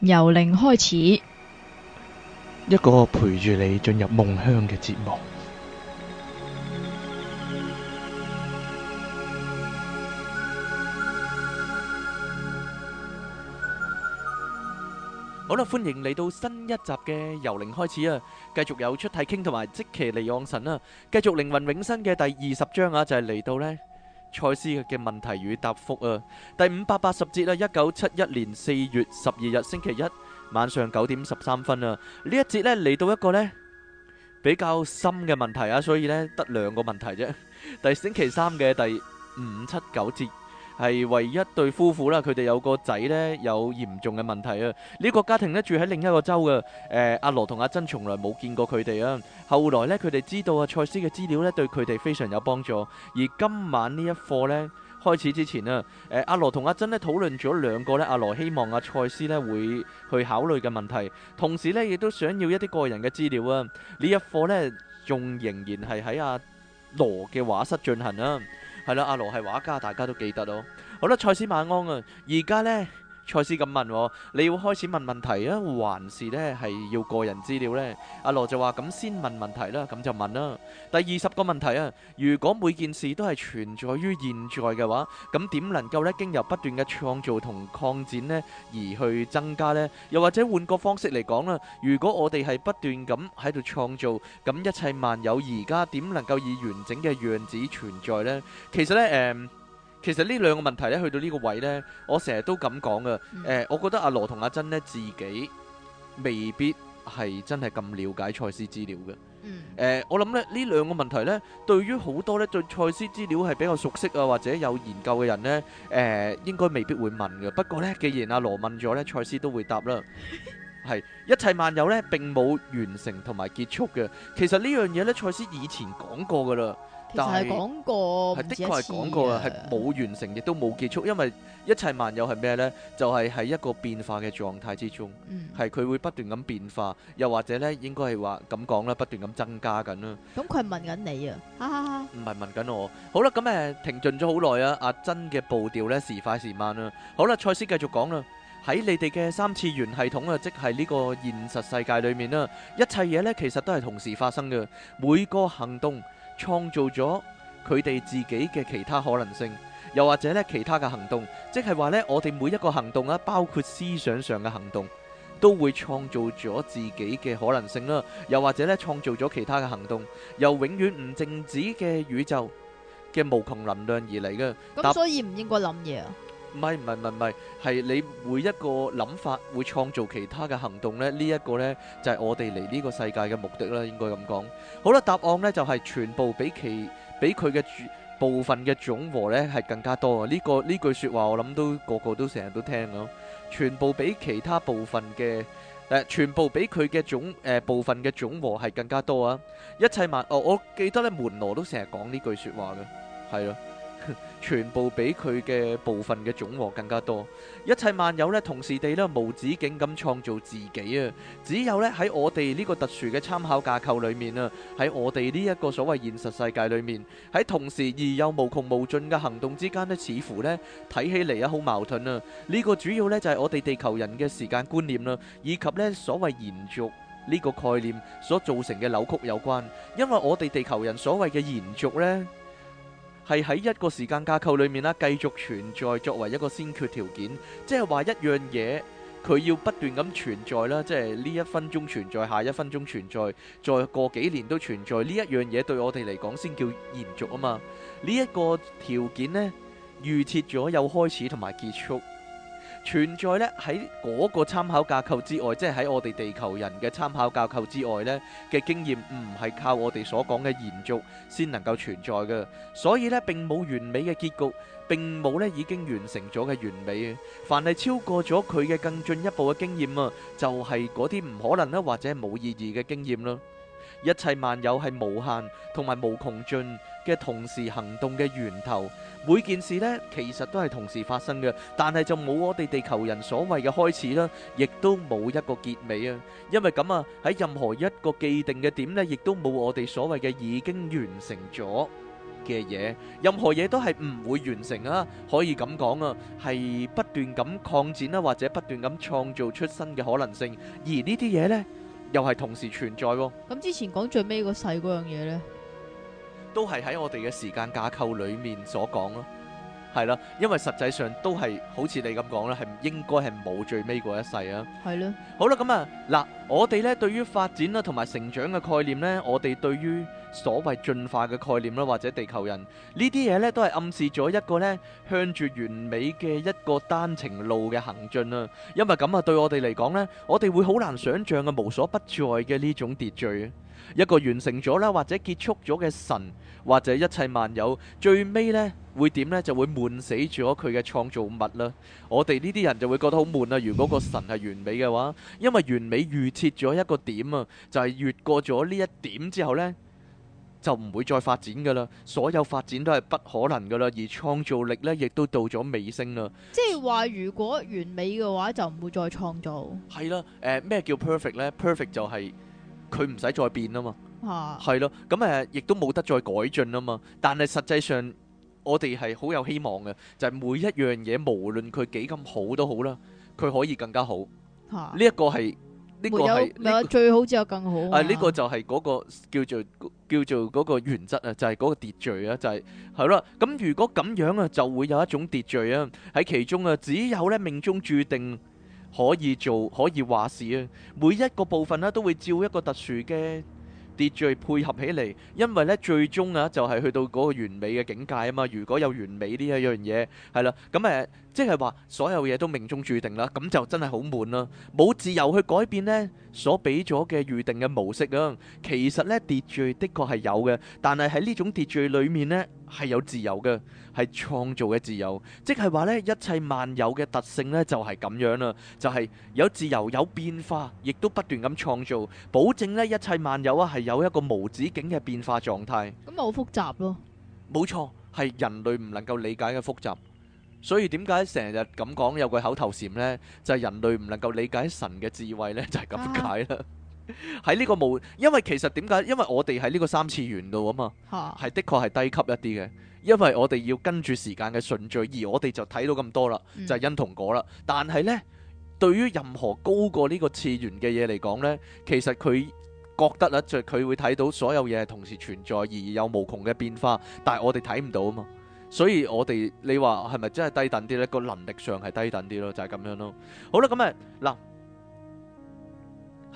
由零開始，一個陪住你進入夢鄉嘅節目。好啦，歡迎嚟到新一集嘅《由零開始》啊！繼續有出體傾同埋即其離岸神啊，繼續靈魂永生嘅第二十章啊，就係嚟到呢。賽斯嘅問題與答覆啊，第五百八十節啦，一九七一年四月十二日星期一晚上九點十三分啊，呢一節咧嚟到一個咧比較深嘅問題啊，所以咧得兩個問題啫，第星期三嘅第五七九節。係唯一對夫婦啦，佢哋有個仔咧有嚴重嘅問題啊！呢、這個家庭咧住喺另一個州嘅，誒、呃、阿羅同阿珍從來冇見過佢哋啊。後來咧，佢哋知道阿賽斯嘅資料咧對佢哋非常有幫助。而今晚呢一課咧開始之前啊，誒、呃、阿羅同阿珍咧討論咗兩個咧，阿羅希望阿賽斯咧會去考慮嘅問題，同時咧亦都想要一啲個人嘅資料啊。呢一課咧仲仍然係喺阿羅嘅畫室進行啊。係啦，阿羅係畫家，大家都記得咯、哦。好啦，賽斯晚安啊！而家呢。賽斯咁問：你要開始問問題啊，還是呢係要個人資料呢？阿羅就話：咁先問問題啦，咁就問啦。第二十個問題啊，如果每件事都係存在於現在嘅話，咁點能夠呢經由不斷嘅創造同擴展呢而去增加呢？又或者換個方式嚟講啦，如果我哋係不斷咁喺度創造，咁一切萬有而家點能夠以完整嘅樣子存在呢？其實呢。誒、呃。其實呢兩個問題咧，去到呢個位咧，我成日都咁講噶。誒，我覺得阿羅同阿珍咧，自己未必係真係咁了解賽斯資料嘅。誒，我諗咧，呢兩個問題咧，對於好多咧，對賽斯資料係比較熟悉啊，或者有研究嘅人咧，誒，應該未必會問噶。不過咧，既然阿羅問咗咧，賽斯都會答啦。係一切萬有咧，並冇完成同埋結束嘅。其實呢樣嘢咧，賽斯以前講過噶啦。但係講過係的確係講過啊，係冇完成亦都冇結束，因為一切萬有係咩呢？就係、是、喺一個變化嘅狀態之中，係佢、嗯、會不斷咁變化，又或者呢應該係話咁講啦，不斷咁增加緊啦。咁佢係問緊你啊？唔係問緊我。好啦，咁誒停頓咗好耐啊！阿珍嘅步調呢，時快時慢啦。好啦，賽斯繼續講啦。喺你哋嘅三次元系統啊，即係呢個現實世界裏面啦，一切嘢呢，其實都係同時發生嘅，每個行動。創造咗佢哋自己嘅其他可能性，又或者咧，其他嘅行動，即係話呢，我哋每一個行動啊，包括思想上嘅行動，都會創造咗自己嘅可能性啦，又或者咧創造咗其他嘅行動，由永遠唔靜止嘅宇宙嘅無窮能量而嚟嘅。咁所以唔應該諗嘢。唔係唔係唔係唔係，係你每一個諗法會創造其他嘅行動咧，呢一個咧就係我哋嚟呢個世界嘅目的啦，應該咁講。好啦，答案咧就係全部比其比佢嘅部分嘅總和咧係更加多啊！呢個呢句説話我諗都個個都成日都聽咯。全部比其他部分嘅誒，全部比佢嘅總誒部分嘅總和係更加多啊！一切萬哦，我記得咧門羅都成日講呢句説話嘅，係咯。全部比佢嘅部分嘅總和更加多，一切萬有咧同時地都無止境咁創造自己啊！只有咧喺我哋呢個特殊嘅參考架構裡面啊，喺我哋呢一個所謂現實世界裡面，喺同時而又無窮無盡嘅行動之間咧，似乎咧睇起嚟啊好矛盾啊！呢個主要咧就係我哋地球人嘅時間觀念啦，以及咧所謂延續呢個概念所造成嘅扭曲有關，因為我哋地球人所謂嘅延續咧。係喺一個時間架構裏面啦，繼續存在作為一個先決條件，即係話一樣嘢佢要不斷咁存在啦，即係呢一分鐘存在，下一分鐘存在，再過幾年都存在呢一樣嘢，對我哋嚟講先叫延續啊嘛。呢、這、一個條件呢，預設咗有開始同埋結束。存在呢喺嗰個參考架構之外，即係喺我哋地球人嘅參考架構之外呢嘅經驗，唔係靠我哋所講嘅延續先能夠存在嘅。所以呢並冇完美嘅結局，並冇呢已經完成咗嘅完美啊！凡係超過咗佢嘅更進一步嘅經驗啊，就係嗰啲唔可能啦，或者係冇意義嘅經驗啦。一切萬有係無限同埋無窮盡嘅同時行動嘅源頭。每件事呢，其實都係同時發生嘅，但係就冇我哋地球人所謂嘅開始啦，亦都冇一個結尾啊。因為咁啊，喺任何一個既定嘅點呢，亦都冇我哋所謂嘅已經完成咗嘅嘢。任何嘢都係唔會完成啊，可以咁講啊，係不斷咁擴展啦，或者不斷咁創造出新嘅可能性。而呢啲嘢呢，又係同時存在喎。咁之前講最尾個細嗰樣嘢呢？都係喺我哋嘅時間架構裏面所講咯。係啦，因為實際上都係好似你咁講的啦，係應該係冇最尾嗰一世啊。係咯，好啦，咁啊，嗱，我哋咧對於發展啦同埋成長嘅概念咧，我哋對於所謂進化嘅概念啦，或者地球人呢啲嘢咧，都係暗示咗一個咧向住完美嘅一個單程路嘅行進啊。因為咁啊，對我哋嚟講咧，我哋會好難想像嘅無所不在嘅呢種秩序啊。一個完成咗啦，或者結束咗嘅神或者一切萬有，最尾呢會點呢？就會悶死咗佢嘅創造物啦。我哋呢啲人就會覺得好悶啦。如果個神係完美嘅話，因為完美預設咗一個點啊，就係、是、越過咗呢一點之後呢，就唔會再發展噶啦。所有發展都係不可能噶啦，而創造力呢亦都到咗尾聲啦。即係話如果完美嘅話，就唔會再創造。係啦，咩、呃、叫 perfect 呢 perfect 呢 perfect 就係、是。佢唔使再變啊嘛，係咯，咁誒，亦都冇得再改進啊嘛。但係實際上，我哋係好有希望嘅，就係每一樣嘢，無論佢幾咁好都好啦，佢可以更加好。呢一個係呢個係，唔係最好，只有更好。啊，呢個就係嗰個叫做叫做嗰個原則啊，就係嗰個秩序啊，就係係咯。咁如果咁樣啊，就會有一種秩序啊，喺其中啊，只有咧命中注定。可以做可以話事啊！每一個部分咧都會照一個特殊嘅秩序配合起嚟，因為咧最終啊就係去到嗰個完美嘅境界啊嘛！如果有完美呢一樣嘢，係啦，咁誒。呃即係話所有嘢都命中注定啦，咁就真係好悶啦，冇自由去改變呢所俾咗嘅預定嘅模式啊。其實呢秩序的確係有嘅，但係喺呢種秩序裏面呢係有自由嘅，係創造嘅自由。即係話呢一切萬有嘅特性呢就係咁樣啦，就係有自由有變化，亦都不斷咁創造，保證呢一切萬有啊係有一個無止境嘅變化狀態。咁咪好複雜咯？冇錯，係人類唔能夠理解嘅複雜。所以點解成日咁講有句口頭禪呢？就係、是、人類唔能夠理解神嘅智慧呢，就係咁解啦。喺 呢個冇，因為其實點解？因為我哋喺呢個三次元度啊嘛，係的確係低級一啲嘅，因為我哋要跟住時間嘅順序，而我哋就睇到咁多啦，就係、是、因同果啦。但係呢，對於任何高過呢個次元嘅嘢嚟講呢，其實佢覺得呢，就佢、是、會睇到所有嘢係同時存在，而有無窮嘅變化，但係我哋睇唔到啊嘛。所以我哋，你話係咪真係低等啲呢？個能力上係低等啲咯，就係咁樣咯。好啦，咁啊，嗱，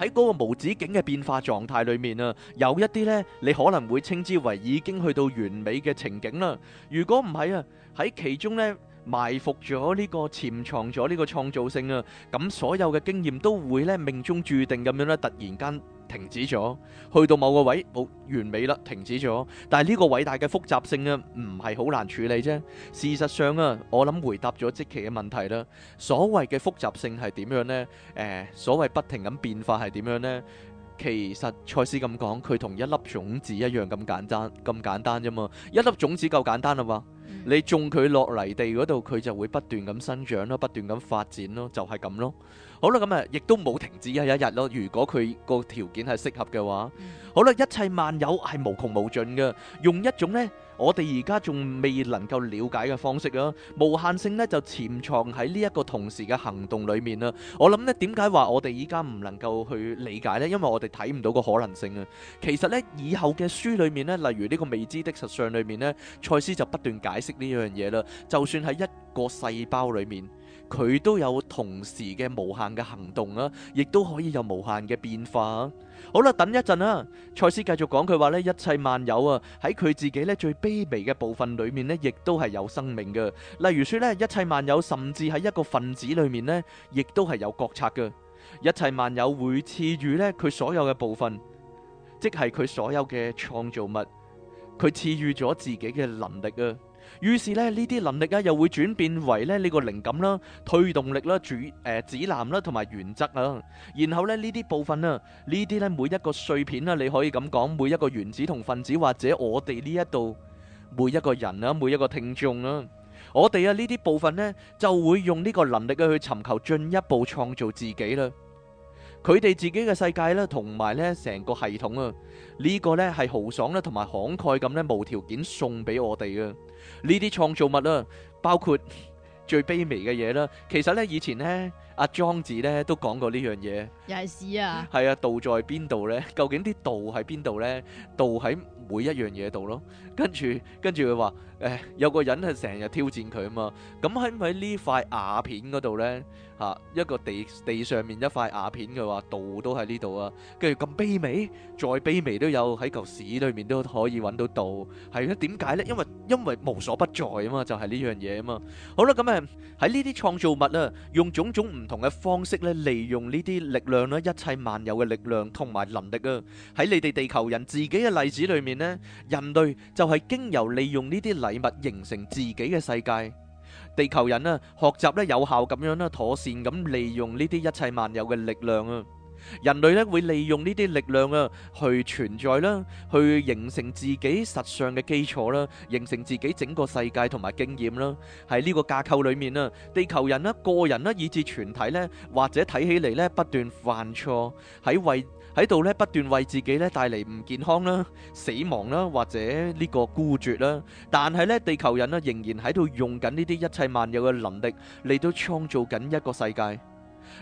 喺嗰個無止境嘅變化狀態裏面啊，有一啲呢，你可能會稱之為已經去到完美嘅情景啦。如果唔係啊，喺其中呢，埋伏咗呢個潛藏咗呢個創造性啊，咁所有嘅經驗都會咧命中注定咁樣咧，突然間停止咗，去到某個位冇完美啦，停止咗。但係呢個偉大嘅複雜性啊，唔係好難處理啫。事實上啊，我諗回答咗即期嘅問題啦。所謂嘅複雜性係點樣咧？誒，所謂不停咁變化係點樣咧？其實賽斯咁講，佢同一粒種子一樣咁簡單，咁簡單啫嘛。一粒種子夠簡單啦喎。你種佢落泥地嗰度，佢就會不斷咁生長咯，不斷咁發展咯，就係、是、咁咯。好啦，咁啊，亦都冇停止啊一日咯。如果佢個條件係適合嘅話，嗯、好啦，一切萬有係無窮無盡嘅，用一種呢。我哋而家仲未能夠了解嘅方式啦，無限性呢就潛藏喺呢一個同時嘅行動裏面啦。我諗咧點解話我哋而家唔能夠去理解呢？因為我哋睇唔到個可能性啊。其實呢，以後嘅書裏面呢，例如呢個未知的實相裏面呢，賽斯就不斷解釋呢樣嘢啦。就算喺一個細胞裏面。佢都有同時嘅無限嘅行動啊，亦都可以有無限嘅變化啊，好啦，等一陣啊。賽斯繼續講，佢話咧一切萬有啊喺佢自己咧最卑微嘅部分裏面咧，亦都係有生命嘅。例如説咧，一切萬有甚至喺一個分子裏面咧，亦都係有覺察嘅。一切萬有會賜予咧佢所有嘅部分，即係佢所有嘅創造物，佢賜予咗自己嘅能力啊！於是咧，呢啲能力啊，又會轉變為咧呢個靈感啦、推動力啦、呃、主誒指南啦同埋原則啊。然後咧呢啲部分啊，呢啲咧每一個碎片啊，你可以咁講，每一個原子同分子或者我哋呢一度每一個人啦、每一個聽眾啦，我哋啊呢啲部分呢，就會用呢個能力去尋求進一步創造自己啦。佢哋自己嘅世界啦，同埋咧成個系統啊，呢個咧係豪爽咧，同埋慷慨咁咧無條件送俾我哋嘅呢啲創造物啦，包括 最卑微嘅嘢啦，其實咧以前咧。阿莊子咧都講過呢樣嘢，又係屎啊？係啊，道在邊度咧？究竟啲道喺邊度咧？道喺每一樣嘢度咯。跟住跟住佢話，誒有個人係成日挑戰佢啊嘛。咁喺唔喺呢塊瓦片嗰度咧？嚇，一個地地上面一塊瓦片，佢話道都喺呢度啊。跟住咁卑微，再卑微都有，喺嚿屎裏面都可以揾到道。係啊，點解咧？因為因為無所不在啊嘛，就係呢樣嘢啊嘛。好啦，咁啊喺呢啲創造物啊，用種種唔。唔同嘅方式咧，利用呢啲力量咧，一切萬有嘅力量同埋能力啊，喺你哋地球人自己嘅例子裏面咧，人類就係經由利用呢啲禮物形成自己嘅世界。地球人啊，學習咧有效咁樣咧，妥善咁利用呢啲一切萬有嘅力量啊。人類咧會利用呢啲力量啊，去存在啦，去形成自己實相嘅基礎啦，形成自己整個世界同埋經驗啦。喺呢個架構裏面啊，地球人啦、個人啦，以至全體咧，或者睇起嚟咧不斷犯錯，喺為喺度咧不斷為自己咧帶嚟唔健康啦、死亡啦或者呢個孤絕啦。但係咧，地球人咧仍然喺度用緊呢啲一切萬有嘅能力嚟到創造緊一個世界。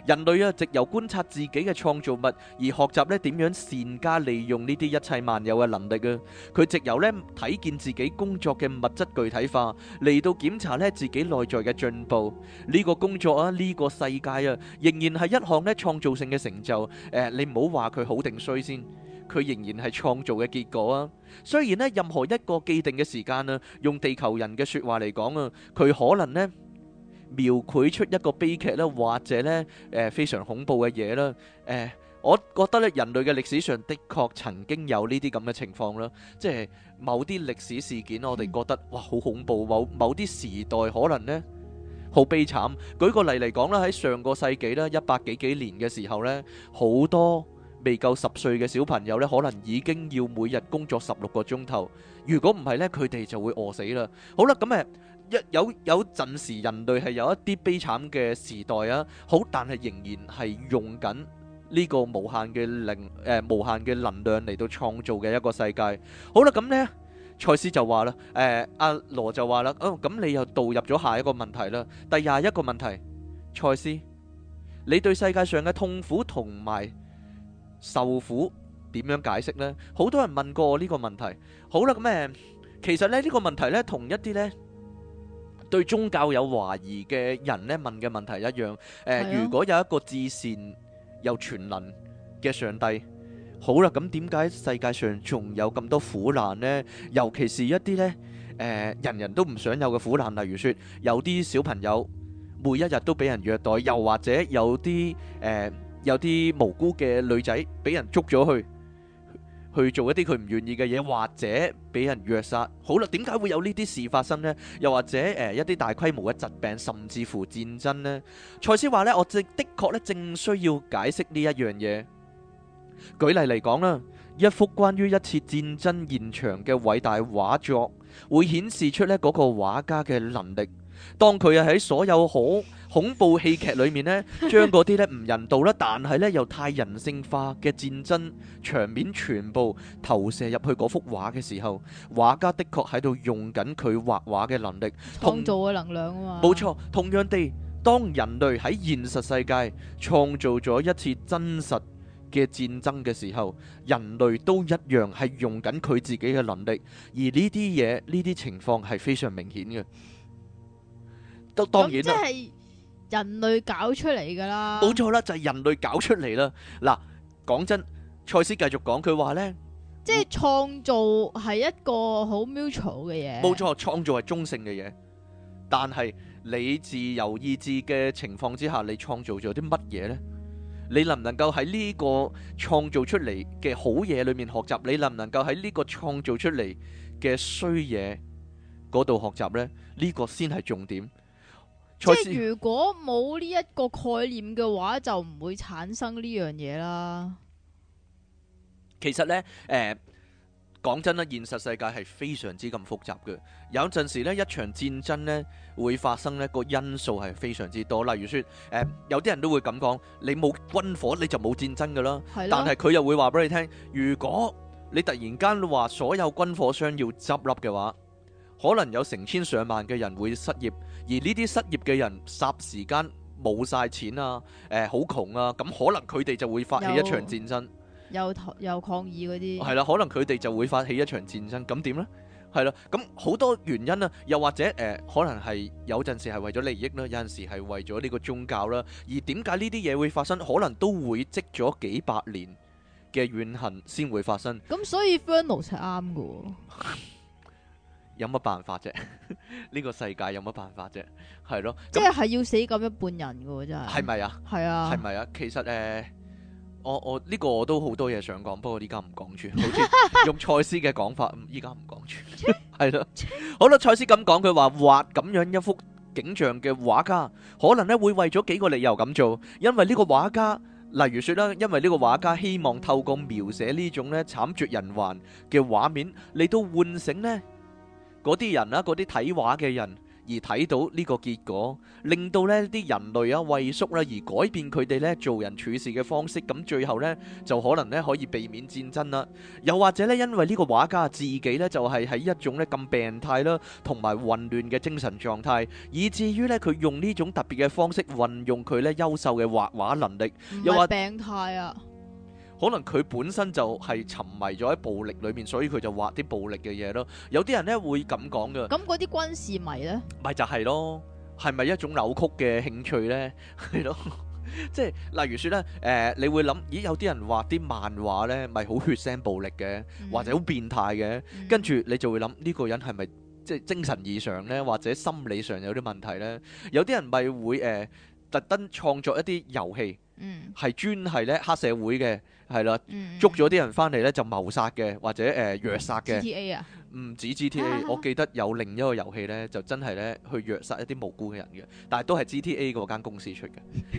人類啊，藉由觀察自己嘅創造物而學習咧點樣善加利用呢啲一切萬有嘅能力啊！佢藉由咧睇見自己工作嘅物質具體化，嚟到檢查咧自己內在嘅進步。呢個工作啊，呢個世界啊，仍然係一項咧創造性嘅成就。誒，你唔好話佢好定衰先，佢仍然係創造嘅結果啊！雖然呢任何一個既定嘅時間啊，用地球人嘅說話嚟講啊，佢可能呢。描繪出一個悲劇咧，或者咧，誒非常恐怖嘅嘢啦，誒，我覺得咧人類嘅歷史上的確曾經有呢啲咁嘅情況啦，即係某啲歷史事件，我哋覺得哇好恐怖，某某啲時代可能呢好悲慘。舉個例嚟講啦，喺上個世紀啦，一百幾幾年嘅時候呢，好多未夠十歲嘅小朋友呢，可能已經要每日工作十六個鐘頭，如果唔係呢，佢哋就會餓死啦。好啦，咁誒。有有有陣時，人類係有一啲悲慘嘅時代啊，好，但係仍然係用緊呢個無限嘅靈誒，無限嘅能量嚟到創造嘅一個世界。好啦，咁咧，賽斯就話啦，誒，阿羅就話啦，哦，咁你又導入咗下一個問題啦。第廿一個問題，賽斯，你對世界上嘅痛苦同埋受苦點樣解釋咧？好多人問過我呢個問題。好啦，咁誒，其實咧呢個問題咧同一啲咧。對宗教有懷疑嘅人咧，問嘅問題一樣。誒，如果有一個至善又全能嘅上帝，好啦，咁點解世界上仲有咁多苦難呢？尤其是一啲呢誒，人人都唔想有嘅苦難，例如説有啲小朋友每一日都俾人虐待，又或者有啲誒有啲無辜嘅女仔俾人捉咗去，去做一啲佢唔願意嘅嘢，或者俾人虐殺。好啦，點解會有呢啲事發生呢？又或者誒、呃、一啲大規模嘅疾病，甚至乎戰爭呢？賽斯話呢，我即：「的確呢，正需要解釋呢一樣嘢。舉例嚟講啦，一幅關於一次戰爭現場嘅偉大畫作，會顯示出呢嗰個畫家嘅能力。當佢啊喺所有好恐怖戲劇裏面咧，將嗰啲咧唔人道啦，但係咧又太人性化嘅戰爭場面，全部投射入去嗰幅畫嘅時候，畫家的確喺度用緊佢畫畫嘅能力創造嘅能量啊嘛。冇錯，同樣地，當人類喺現實世界創造咗一次真實嘅戰爭嘅時候，人類都一樣係用緊佢自己嘅能力，而呢啲嘢呢啲情況係非常明顯嘅。都當然啦。人類搞出嚟㗎啦，冇錯啦，就係人類搞出嚟啦。嗱，講真，賽斯繼續講，佢話呢：即係創造係一個好 mutual 嘅嘢，冇錯，創造係中性嘅嘢。但係你自由意志嘅情況之下，你創造咗啲乜嘢呢？你能唔能夠喺呢個創造出嚟嘅好嘢裏面學習？你能唔能夠喺呢個創造出嚟嘅衰嘢嗰度學習呢？呢個先係重點。即係如果冇呢一個概念嘅話，就唔會產生呢樣嘢啦。其實咧，誒講真啦，現實世界係非常之咁複雜嘅。有陣時咧，一場戰爭咧會發生呢個因素係非常之多。例如説，誒有啲人都會咁講：你冇軍火你就冇戰爭㗎啦。但係佢又會話俾你聽：如果你突然間話所有軍火商要執笠嘅話，可能有成千上萬嘅人會失業，而呢啲失業嘅人霎時間冇晒錢啊，誒、呃，好窮啊，咁、嗯、可能佢哋就會發起一場戰爭，又又，又抗議嗰啲，係啦，可能佢哋就會發起一場戰爭，咁點呢？係啦，咁、嗯、好多原因啊。又或者誒、呃，可能係有陣時係為咗利益啦、啊，有陣時係為咗呢個宗教啦、啊，而點解呢啲嘢會發生？可能都會積咗幾百年嘅怨恨先會發生。咁所以 Fernos 係啱嘅。 有乜辦法啫？呢 個世界有乜辦法啫？係 咯，即係要死咁一半人噶喎，真係。係咪啊？係啊。係咪啊？其實誒、呃，我我呢、這個我都好多嘢想講，我不過依家唔講住，好似用賽斯嘅講法，依家唔講住，係 咯了。 好啦，賽斯咁講，佢話畫咁樣一幅景象嘅畫家，可能咧會為咗幾個理由咁做，因為呢個畫家，嗯、例如說啦，因為呢個畫家希望透過描寫呢種咧慘絕人寰嘅畫面嚟到喚醒呢。嗰啲人啦，嗰啲睇畫嘅人而睇到呢個結果，令到呢啲人類啊畏縮啦、啊，而改變佢哋呢做人處事嘅方式，咁最後呢，就可能呢可以避免戰爭啦。又或者呢，因為呢個畫家自己呢，就係、是、喺一種呢咁病態啦，同埋混亂嘅精神狀態，以至於呢，佢用呢種特別嘅方式運用佢呢優秀嘅畫畫能力，又話病態啊。可能佢本身就係沉迷咗喺暴力裏面，所以佢就畫啲暴力嘅嘢咯。有啲人咧會咁講嘅。咁嗰啲軍事迷咧，咪就係咯，係咪一種扭曲嘅興趣咧？係咯，即係例如説咧，誒，你會諗，咦，有啲人畫啲漫畫咧，咪好血腥暴力嘅，或者好變態嘅，跟住你就會諗呢個人係咪即係精神異常咧，或者心理上有啲問題咧？有啲人咪會誒特登創作一啲遊戲。嗯，係專係咧黑社會嘅，係啦，嗯、捉咗啲人翻嚟咧就謀殺嘅，或者誒、呃、虐殺嘅。唔止 G T A，啊、我記得有另一個遊戲呢，就真係呢，去虐殺一啲無辜嘅人嘅，但係都係 G T A 嗰間公司出嘅。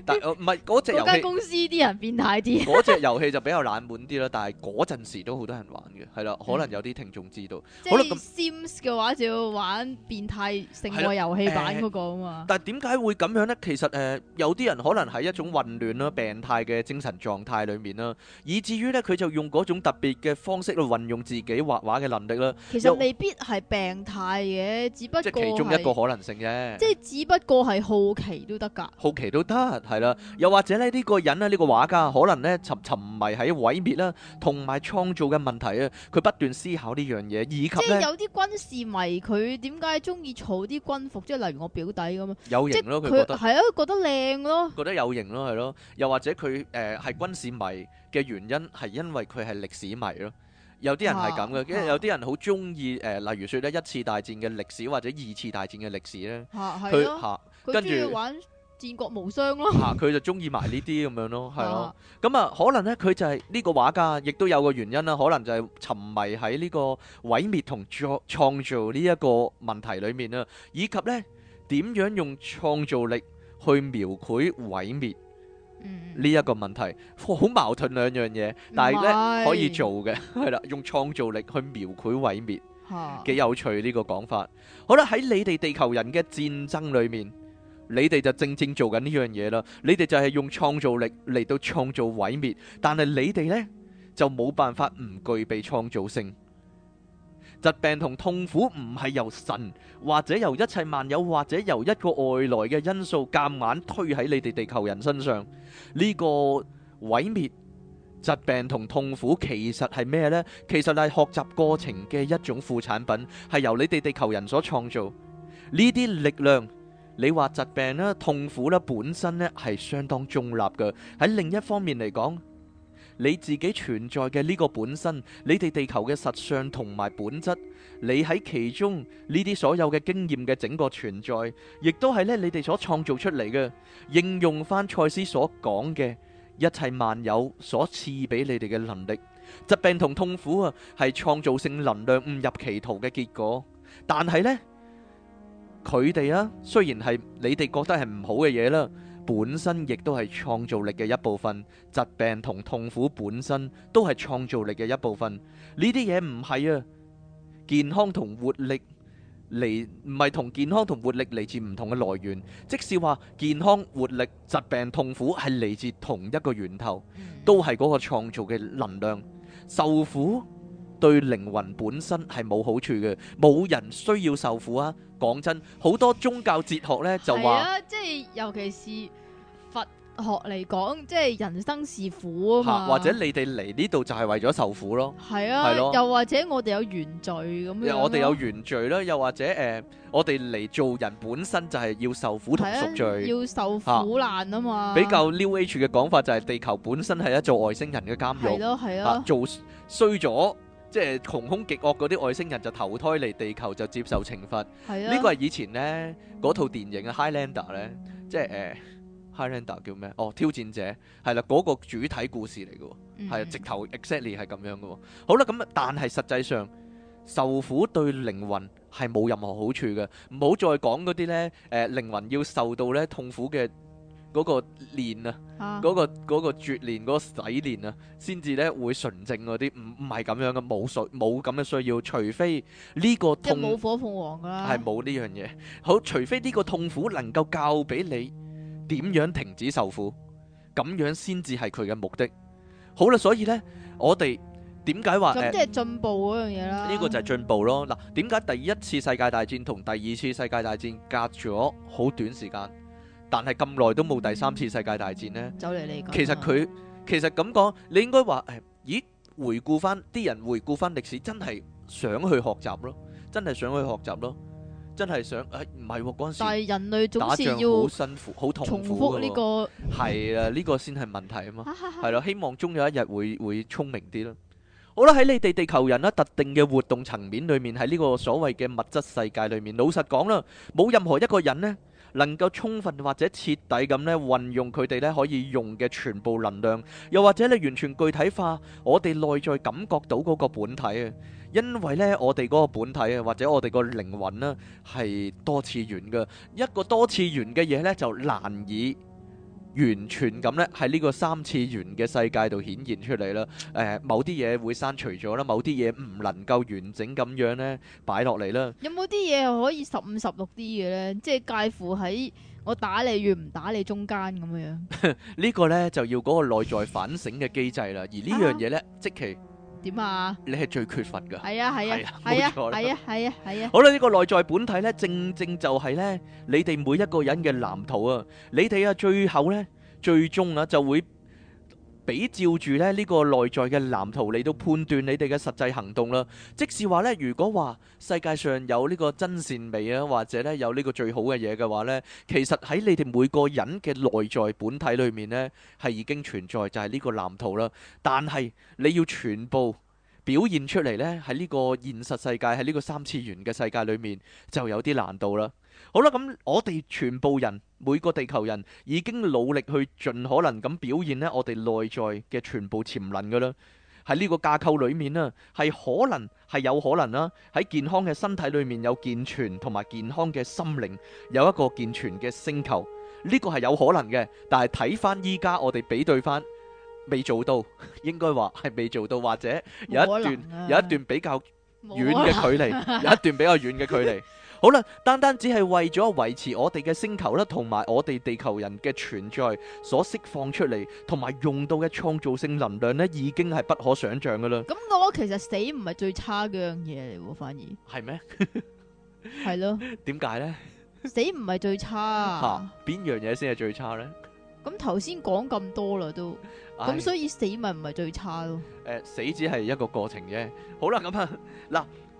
但係唔係嗰隻遊戲嗰間 公司啲人變態啲。嗰隻遊戲就比較冷門啲啦，但係嗰陣時都好多人玩嘅，係啦，可能有啲聽眾知道。嗯、好即係 Sims 嘅話就要玩變態成個遊戲版嗰個啊嘛。呃那個、但係點解會咁樣呢？其實誒、呃，有啲人可能係一種混亂啦、病態嘅精神狀態裡面啦，以至於呢，佢就用嗰種特別嘅方式去運用自己畫畫嘅能力啦。未必係病態嘅，只不過即係其中一個可能性啫。即係只不過係好奇都得噶。好奇都得係啦，嗯、又或者咧呢個人咧呢個畫家可能咧沉沉迷喺毀滅啦，同埋創造嘅問題啊，佢不斷思考呢樣嘢，以及即係有啲軍事迷佢點解中意儲啲軍服，即係例如我表弟咁啊，有型咯佢即覺得係咯覺得靚咯，覺得有型咯係咯，又或者佢誒係軍事迷嘅原因係因為佢係歷史迷咯。有啲人係咁嘅，跟住有啲人好中意誒，例如説咧一次大戰嘅歷史或者二次大戰嘅歷史咧，佢跟住玩戰國無雙咯，佢就中意埋呢啲咁樣咯，係咯。咁啊，可能咧佢就係呢個畫家，亦都有個原因啦。可能就係沉迷喺呢個毀滅同作創造呢一個問題裡面啦，以及咧點樣用創造力去描繪毀滅。呢一、嗯、個問題好矛盾兩樣嘢，但係呢，是可以做嘅係啦， 用創造力去描繪毀滅，幾有趣呢個講法。嗯、好啦，喺你哋地球人嘅戰爭裏面，你哋就正正做緊呢樣嘢啦，你哋就係用創造力嚟到創造毀滅，但係你哋呢，就冇辦法唔具備創造性。疾病同痛苦唔係由神或者由一切萬有或者由一個外來嘅因素夾硬推喺你哋地球人身上。呢個毀滅、疾病同痛苦其實係咩呢？其實係學習過程嘅一種副產品，係由你哋地球人所創造。呢啲力量，你話疾病啦、痛苦啦，本身咧係相當中立嘅。喺另一方面嚟講，你自己存在嘅呢個本身，你哋地球嘅實相同埋本質，你喺其中呢啲所有嘅經驗嘅整個存在，亦都係咧你哋所創造出嚟嘅。應用翻賽斯所講嘅一切萬有所賜俾你哋嘅能力，疾病同痛苦啊，係創造性能量誤入歧途嘅結果。但係呢，佢哋啊，雖然係你哋覺得係唔好嘅嘢啦。本身亦都係創造力嘅一部分，疾病同痛苦本身都係創造力嘅一部分。呢啲嘢唔係啊，健康同活力嚟唔係同健康同活力嚟自唔同嘅來源。即使話健康、活力、疾病、痛苦係嚟自同一個源頭，都係嗰個創造嘅能量。受苦。對靈魂本身係冇好處嘅，冇人需要受苦啊！講真，好多宗教哲學咧就話，即係尤其是佛學嚟講，即係人生是苦啊嘛。或者你哋嚟呢度就係為咗受苦咯，係啊，係咯，又或者我哋有原罪咁樣。我哋有原罪啦，又或者誒，我哋嚟做人本身就係要受苦同贖罪，要受苦難啊嘛。比較 New Age 嘅講法就係地球本身係一座外星人嘅監獄，係咯，係咯，做衰咗。即係窮凶極惡嗰啲外星人就投胎嚟地球就接受懲罰，呢個係以前呢嗰套電影嘅 Highlander，mm hmm. Highlander，呢即係 Highlander，uh, Highlander 叫咩？哦、oh，挑戰者係啦，嗰、嗰個主體故事嚟嘅，係直頭 exactly 係咁樣嘅。Hmm. 好啦，咁但係實際上受苦對靈魂係冇任何好處嘅，唔好再講嗰啲呢，誒、呃、靈魂要受到呢痛苦嘅。嗰個練啊，嗰個嗰個絕練嗰個洗練啊，先至咧會純正嗰啲。唔唔係咁樣嘅，冇需冇咁嘅需要，除非呢個痛，一冇火鳳凰噶啦，係冇呢樣嘢。好，除非呢個痛苦能夠教俾你點樣停止受苦，咁樣先至係佢嘅目的。好啦，所以咧，我哋點解話咁即係進步嗰樣嘢啦？呢個就係進步咯。嗱，點解第一次世界大戰同第二次世界大戰隔咗好短時間？但係咁耐都冇第三次世界大戰呢？走嚟你講，其實佢其實咁講，你應該話誒，咦？回顧翻啲人，回顧翻歷史，真係想去學習咯，真係想去學習咯，真係想誒，唔係喎，嗰陣時人類打仗要好辛苦、好痛苦。重複呢個係啊，呢個先係問題啊嘛。係咯，希望終有一日會會聰明啲咯。好啦，喺你哋地球人啦，特定嘅活動層面裡面，喺呢個所謂嘅物質世界裡面，老實講啦，冇任何一個人呢，能夠充分或者徹底咁咧運用佢哋咧可以用嘅全部能量，又或者你完全具體化我哋內在感覺到嗰個本體啊，因為呢，我哋嗰個本體啊或者我哋個靈魂呢係多次元嘅，一個多次元嘅嘢呢，就難以，完全咁咧，喺呢個三次元嘅世界度顯現出嚟啦。誒、呃，某啲嘢會刪除咗啦，某啲嘢唔能夠完整咁樣咧擺落嚟啦。有冇啲嘢可以十五十六啲嘅咧？即係介乎喺我打你與唔打你中間咁樣。 個呢個咧就要嗰個內在反省嘅機制啦。而呢樣嘢咧，啊、即其。點啊！你係最缺乏㗎，係啊係啊，冇錯啦，係啊係啊係啊。好啦，呢個內在本體咧，正正就係咧，你哋每一個人嘅藍圖啊，你哋啊最後咧，最終啊就會。比照住咧呢個內在嘅藍圖嚟到判斷你哋嘅實際行動啦。即使話咧，如果話世界上有呢個真善美啊，或者咧有呢個最好嘅嘢嘅話咧，其實喺你哋每個人嘅內在本體裏面咧，係已經存在就係呢個藍圖啦。但係你要全部表現出嚟咧，喺呢個現實世界喺呢個三次元嘅世界裏面就有啲難度啦。好啦，咁我哋全部人，每個地球人已經努力去盡可能咁表現呢，我哋內在嘅全部潛能噶啦，喺呢個架構裏面啊，係可能係有可能啦，喺健康嘅身體裏面有健全同埋健康嘅心靈，有一個健全嘅星球，呢個係有可能嘅。但係睇翻依家我哋比對翻，未做到，應該話係未做到，或者有一段有一段比較遠嘅距離，有一段比較遠嘅距離。好啦，單單只係為咗維持我哋嘅星球啦，同埋我哋地球人嘅存在，所釋放出嚟同埋用到嘅創造性能量呢，已經係不可想象噶啦。咁我其實死唔係最差嘅樣嘢嚟，反而係咩？係咯？點解呢？死唔係最差，啊，邊樣嘢先係最差呢，啊？咁頭先講咁多啦都，咁唉所以死咪唔係最差咯，啊？誒、呃，死只係一個過程啫。好啦，咁啊，嗱。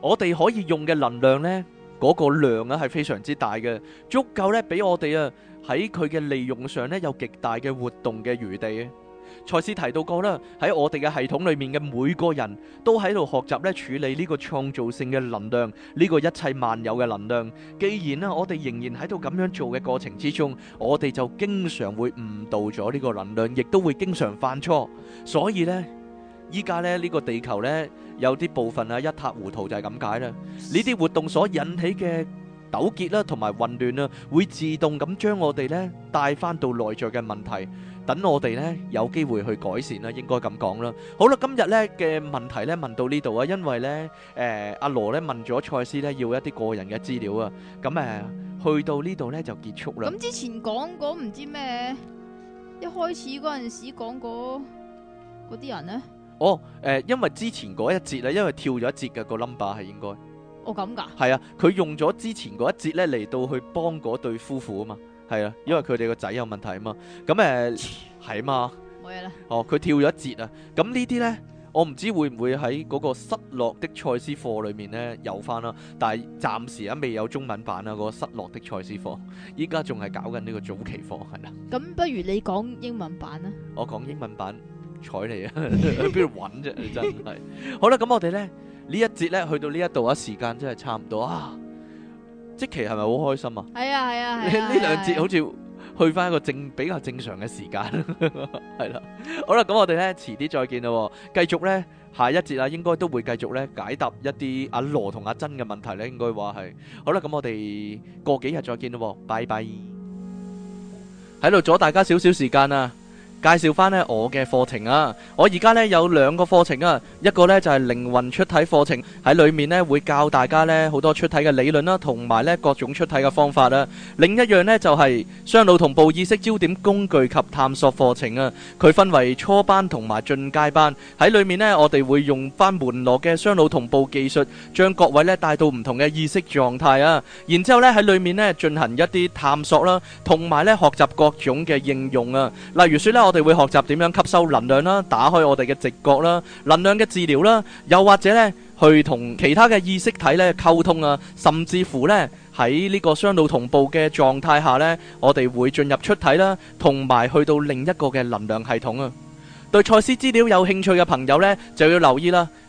我哋可以用嘅能量咧，嗰個量啊係非常之大嘅，足夠咧俾我哋啊喺佢嘅利用上咧有極大嘅活動嘅餘地啊！賽斯提到過啦，喺我哋嘅系統裏面嘅每個人都喺度學習咧處理呢個創造性嘅能量，呢個一切萬有嘅能量。既然啦我哋仍然喺度咁樣做嘅過程之中，我哋就經常會誤導咗呢個能量，亦都會經常犯錯。所以咧，依家咧呢個地球咧。有啲部分啊一塌糊塗就係咁解啦，呢啲活動所引起嘅糾結啦同埋混亂啦，會自動咁將我哋咧帶翻到內在嘅問題，等我哋咧有機會去改善啦，應該咁講啦。好啦，今日咧嘅問題咧問到呢度啊，因為咧誒阿羅咧問咗賽斯咧要一啲個人嘅資料啊，咁誒去到呢度咧就結束啦。咁之前講過唔知咩，一開始嗰陣時講過嗰啲人咧。哦，誒、oh, 呃，因為之前嗰一節咧，因為跳咗一節嘅個 number 係應該，哦咁㗎，係啊，佢用咗之前嗰一節咧嚟到去幫嗰對夫婦啊嘛，係啊，因為佢哋個仔有問題啊嘛，咁誒係啊嘛，冇嘢啦，哦，佢跳咗一節啊，咁、嗯、呢啲咧，我唔知會唔會喺嗰、那個失落的賽斯課裏面咧有翻啦，但係暫時啊未有中文版啊個失落的賽斯課，依家仲係搞緊呢個早期課係啦，咁不如你講英文版啦，我講英文版。 睬你啊，去邊度揾啫？你真係好啦，咁我哋咧呢一節咧去到呢一度啊，時間真係差唔多啊。即期係咪好開心啊？係啊係啊係啊！呢兩節好似去翻一個正比較正常嘅時間，係啦。好啦，咁我哋咧遲啲再見啦，繼續咧下一節啊，應該都會繼續咧解答一啲阿羅同阿珍嘅問題咧，應該話係。好啦，咁我哋過幾日再見啦，拜拜。喺度阻大家少少時間啊！介紹翻呢我嘅課程啊！我而家呢，有兩個課程啊，一個呢，就係靈魂出體課程，喺裏面呢，會教大家呢好多出體嘅理論啦，同埋呢各種出體嘅方法啦。另一樣呢，就係雙腦同步意識焦點工具及探索課程啊，佢分為初班同埋進階班。喺裏面呢，我哋會用翻門羅嘅雙腦同步技術，將各位呢帶到唔同嘅意識狀態啊。然之後呢，喺裏面呢，進行一啲探索啦，同埋呢學習各種嘅應用啊。例如説呢。我哋會學習點樣吸收能量啦，打開我哋嘅直覺啦，能量嘅治療啦，又或者咧，去同其他嘅意識體咧溝通啊，甚至乎咧喺呢個雙腦同步嘅狀態下咧，我哋會進入出體啦，同埋去到另一個嘅能量系統啊。對賽斯資料有興趣嘅朋友咧，就要留意啦。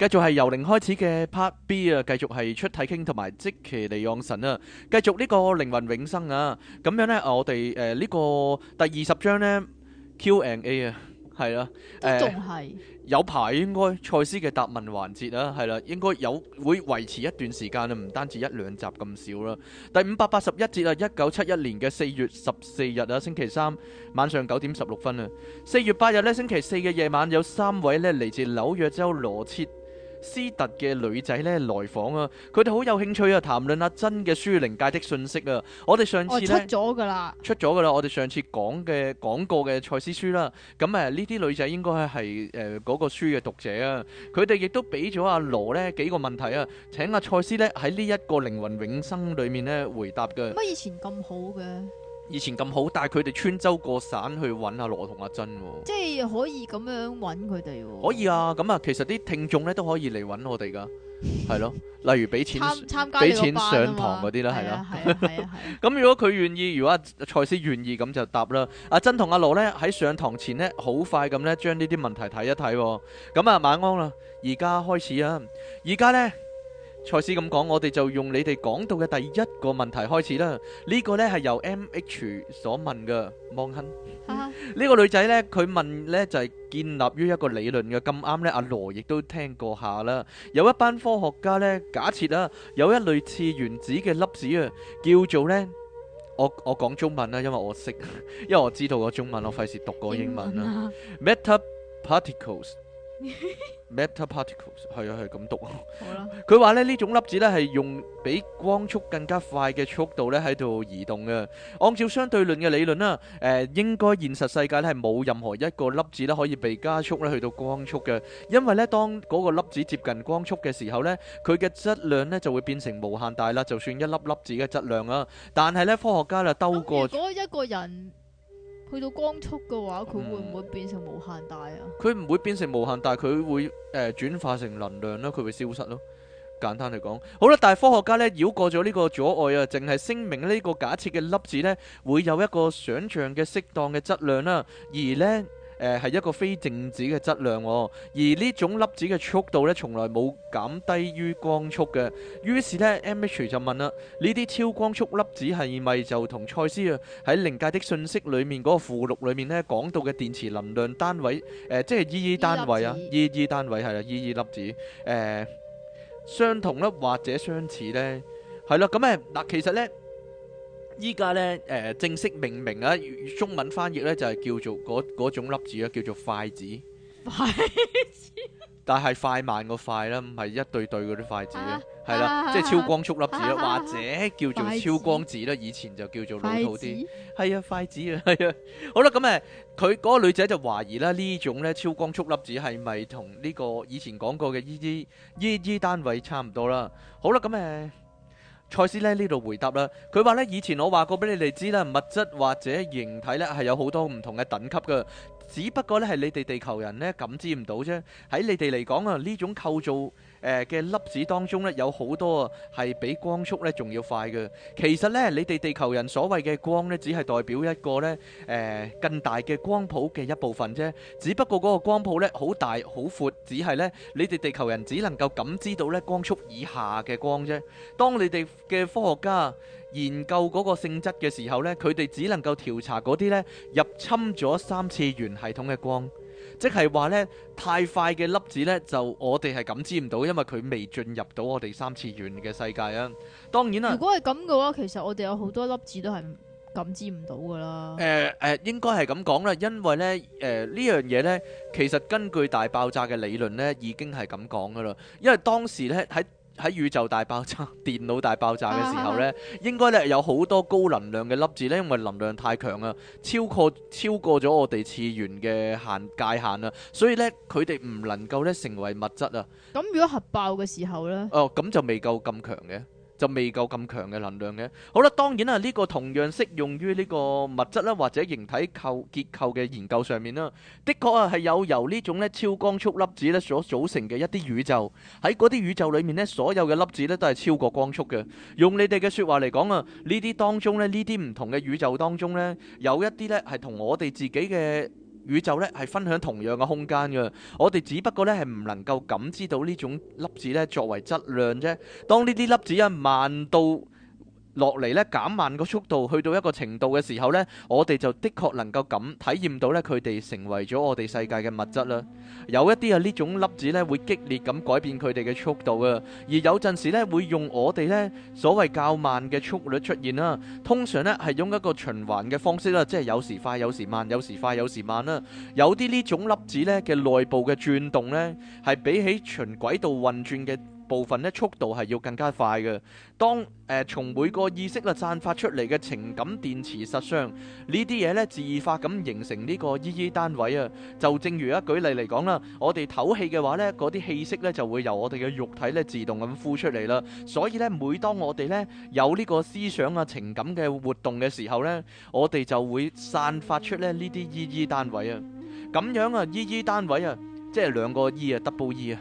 繼續係由零開始嘅 Part B 啊，繼續係出體傾同埋即其利用神啊，繼續呢個靈魂永生啊，咁樣咧我哋誒呢個第二十章咧 Q and A 啊，係啦，都仲係有排應該賽斯嘅答問環節啦，係啦，應該有會維持一段時間啊，唔單止一兩集咁少啦。第五百八十一節啊，一九七一年嘅四月十四日啊，星期三晚上九點十六分啊，四月八日咧星期四嘅夜晚有三位咧嚟自紐約州羅切。斯特嘅女仔咧來訪啊，佢哋好有興趣啊，談論阿珍嘅書靈界的信息啊。我哋上次出咗噶啦，出咗噶啦。我哋上次講嘅講過嘅賽斯書啦，咁誒呢啲女仔應該係誒嗰個書嘅讀者啊。佢哋亦都俾咗阿羅呢幾個問題啊，請阿、啊、賽斯咧喺呢一個靈魂永生裏面咧回答嘅。乜以前咁好嘅？以前咁好，但佢哋穿州過省去揾阿羅同阿珍，即係可以咁樣揾佢哋。可以啊，咁啊，其實啲聽眾呢都可以嚟揾我哋噶，係咯， 例如俾錢參,參加你班俾錢上堂嗰啲啦，係咯。咁如果佢願意，如果賽斯願意，咁就答啦。阿珍同阿羅呢，喺上堂前呢，好快咁呢將呢啲問題睇一睇。咁啊，晚安啦，而家開始啊，而家呢。賽斯咁講，我哋就用你哋講到嘅第一個問題開始啦。呢、這個呢係由 M H 所問嘅，望亨。呢 個女仔呢，佢問呢就係、是、建立於一個理論嘅。咁啱呢，阿羅亦都聽過下啦。有一班科學家呢，假設啊，有一類似原子嘅粒子啊，叫做呢，我我講中文啦，因為我識，因為我知道個中文，我費事讀個英文啦。Meta particles，啊。Met Metaparticles 係啊係咁讀，佢話咧呢種粒子咧係用比光速更加快嘅速度咧喺度移動嘅。按照相對論嘅理論啦，誒，應該現實世界咧係冇任何一個粒子咧可以被加速咧去到光速嘅，因為咧當嗰個粒子接近光速嘅時候咧，佢嘅質量咧就會變成無限大啦，就算一粒粒子嘅質量啊。但係咧科學家就兜過。如果一個人。去到光速嘅話，佢會唔會變成無限大啊？嗯、佢唔會變成無限大，佢會誒、呃、轉化成能量啦，佢會消失咯。簡單嚟講，好啦，但係科學家呢，繞過咗呢個阻礙啊，淨係聲明呢個假設嘅粒子呢，會有一個想像嘅適當嘅質量啦、啊，而呢。嗯誒係、呃、一個非靜止嘅質量、哦，而呢種粒子嘅速度咧，從來冇減低於光速嘅。於是咧，M H 就問啦：呢啲超光速粒子係咪就同賽斯啊喺《靈界的訊息》裏面嗰個附錄裏面咧講到嘅電磁能量單位誒、呃，即係 E E 單位啊 e，E E 單位係啊 E E 粒子誒、呃、相同咧，或者相似呢？係啦。咁誒嗱，其實呢。依家咧，誒正式命名啊，中文翻譯咧就係叫做嗰嗰種粒子咧，叫做快子。快子，但係快慢個快啦，唔係一對對嗰啲筷子咧，係啦，即係超光速粒子，或者叫做超光子啦。以前就叫做老土啲，係啊，快子啊，係啊。好啦，咁誒，佢嗰個女仔就懷疑啦，呢種咧超光速粒子係咪同呢個以前講過嘅 EE EE 單位差唔多啦？好啦，咁誒。賽斯呢，呢度回答啦，佢話呢，以前我話過俾你哋知啦，物質或者形體呢係有好多唔同嘅等級噶，只不過呢係你哋地球人呢感知唔到啫，喺你哋嚟講啊呢種構造。誒嘅、呃、粒子當中咧，有好多啊，係比光速咧仲要快嘅。其實咧，你哋地球人所謂嘅光咧，只係代表一個咧、誒、呃、更大嘅光譜嘅一部分啫。只不過嗰個光譜咧好大好闊，只係咧你哋地球人只能夠感知到咧光速以下嘅光啫。當你哋嘅科學家研究嗰個性質嘅時候咧，佢哋只能夠調查嗰啲咧入侵咗三次元系統嘅光。即係話呢，太快嘅粒子呢，就我哋係感知唔到，因為佢未進入到我哋三次元嘅世界啊。當然啦、啊，如果係咁嘅話，其實我哋有好多粒子都係感知唔到噶啦。誒誒、呃呃，應該係咁講啦，因為呢誒呢、呃、樣嘢呢，其實根據大爆炸嘅理論呢，已經係咁講噶啦，因為當時呢。喺。喺宇宙大爆炸、電腦大爆炸嘅時候呢，啊、應該咧有好多高能量嘅粒子呢，因為能量太強啊，超過超過咗我哋次元嘅限界限啊，所以呢，佢哋唔能夠咧成為物質啊。咁如果核爆嘅時候呢，哦，咁就未夠咁強嘅。就未夠咁強嘅能量嘅。好啦，當然啦、啊，呢個同樣適用於呢個物質啦、啊，或者形體構結構嘅研究上面啦。的確啊，係有由呢種咧超光速粒子咧所組成嘅一啲宇宙。喺嗰啲宇宙裏面呢，所有嘅粒子咧都係超過光速嘅。用你哋嘅說話嚟講啊，呢啲當中咧，呢啲唔同嘅宇宙當中咧，有一啲咧係同我哋自己嘅。宇宙咧係分享同樣嘅空間嘅，我哋只不過咧係唔能夠感知到呢種粒子咧作為質量啫。當呢啲粒子一慢到落嚟咧減慢個速度，去到一個程度嘅時候咧，我哋就的確能夠咁體驗到咧，佢哋成為咗我哋世界嘅物質啦。有一啲啊呢種粒子咧會激烈咁改變佢哋嘅速度啊，而有陣時咧會用我哋咧所謂較慢嘅速率出現啦。通常咧係用一個循環嘅方式啦，即係有時快有時慢，有時快有時慢啦。有啲呢種粒子咧嘅內部嘅轉動咧係比起循軌道運轉嘅。部分咧速度係要更加快嘅。當誒、呃、從每個意識啦散發出嚟嘅情感電磁實相呢啲嘢咧自發咁形成呢個 E E 單位啊，就正如一舉例嚟講啦，我哋唞氣嘅話咧，嗰啲氣息咧就會由我哋嘅肉體咧自動咁呼出嚟啦。所以咧每當我哋咧有呢個思想啊、情感嘅活動嘅時候咧，我哋就會散發出咧呢啲 E E 單位啊。咁樣啊 E E 單位啊，即係兩個 E 啊 double E 啊。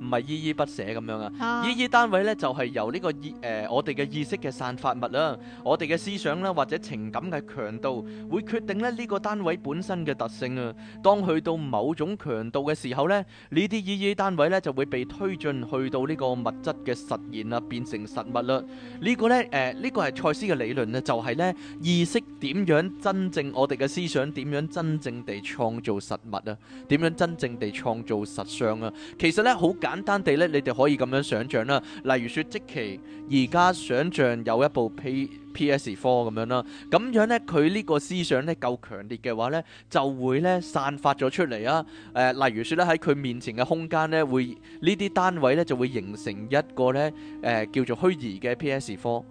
唔係依依不捨咁樣啊！依依單位咧就係、是、由呢、這個意誒、呃、我哋嘅意識嘅散發物啦，我哋嘅思想啦或者情感嘅強度會決定咧呢個單位本身嘅特性啊。當去到某種強度嘅時候咧，呢啲依依單位咧就會被推進去到呢個物質嘅實現啊變成實物啦。這個、呢、呃這個咧誒呢個係賽斯嘅理論咧，就係、是、咧意識點樣真正我哋嘅思想點樣真正地創造實物啊？點樣真正地創造實相啊？其實咧好，簡單地咧，你哋可以咁樣想象啦。例如說，即期而家想象有一部 PS4 咁樣啦，咁樣咧佢呢個思想咧夠強烈嘅話咧，就會咧散發咗出嚟啊。誒、呃，例如說咧喺佢面前嘅空間咧，會呢啲單位咧就會形成一個咧誒、呃、叫做虛擬嘅 PS4。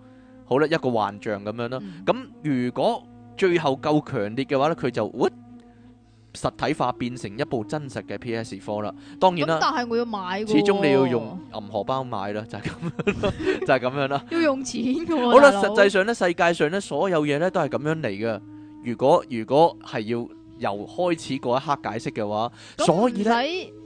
好啦，一個幻象咁樣啦。咁如果最後夠強烈嘅話咧，佢就，哦實體化變成一部真實嘅 PS4 啦，當然啦，但我要買哦、始終你要用銀荷包買啦，就係、是、咁， 就係咁樣啦，要用錢嘅。好啦了，哥實際上咧，世界上咧所有嘢咧都係咁樣嚟嘅。如果如果係要由開始嗰一刻解釋嘅話，所以咧。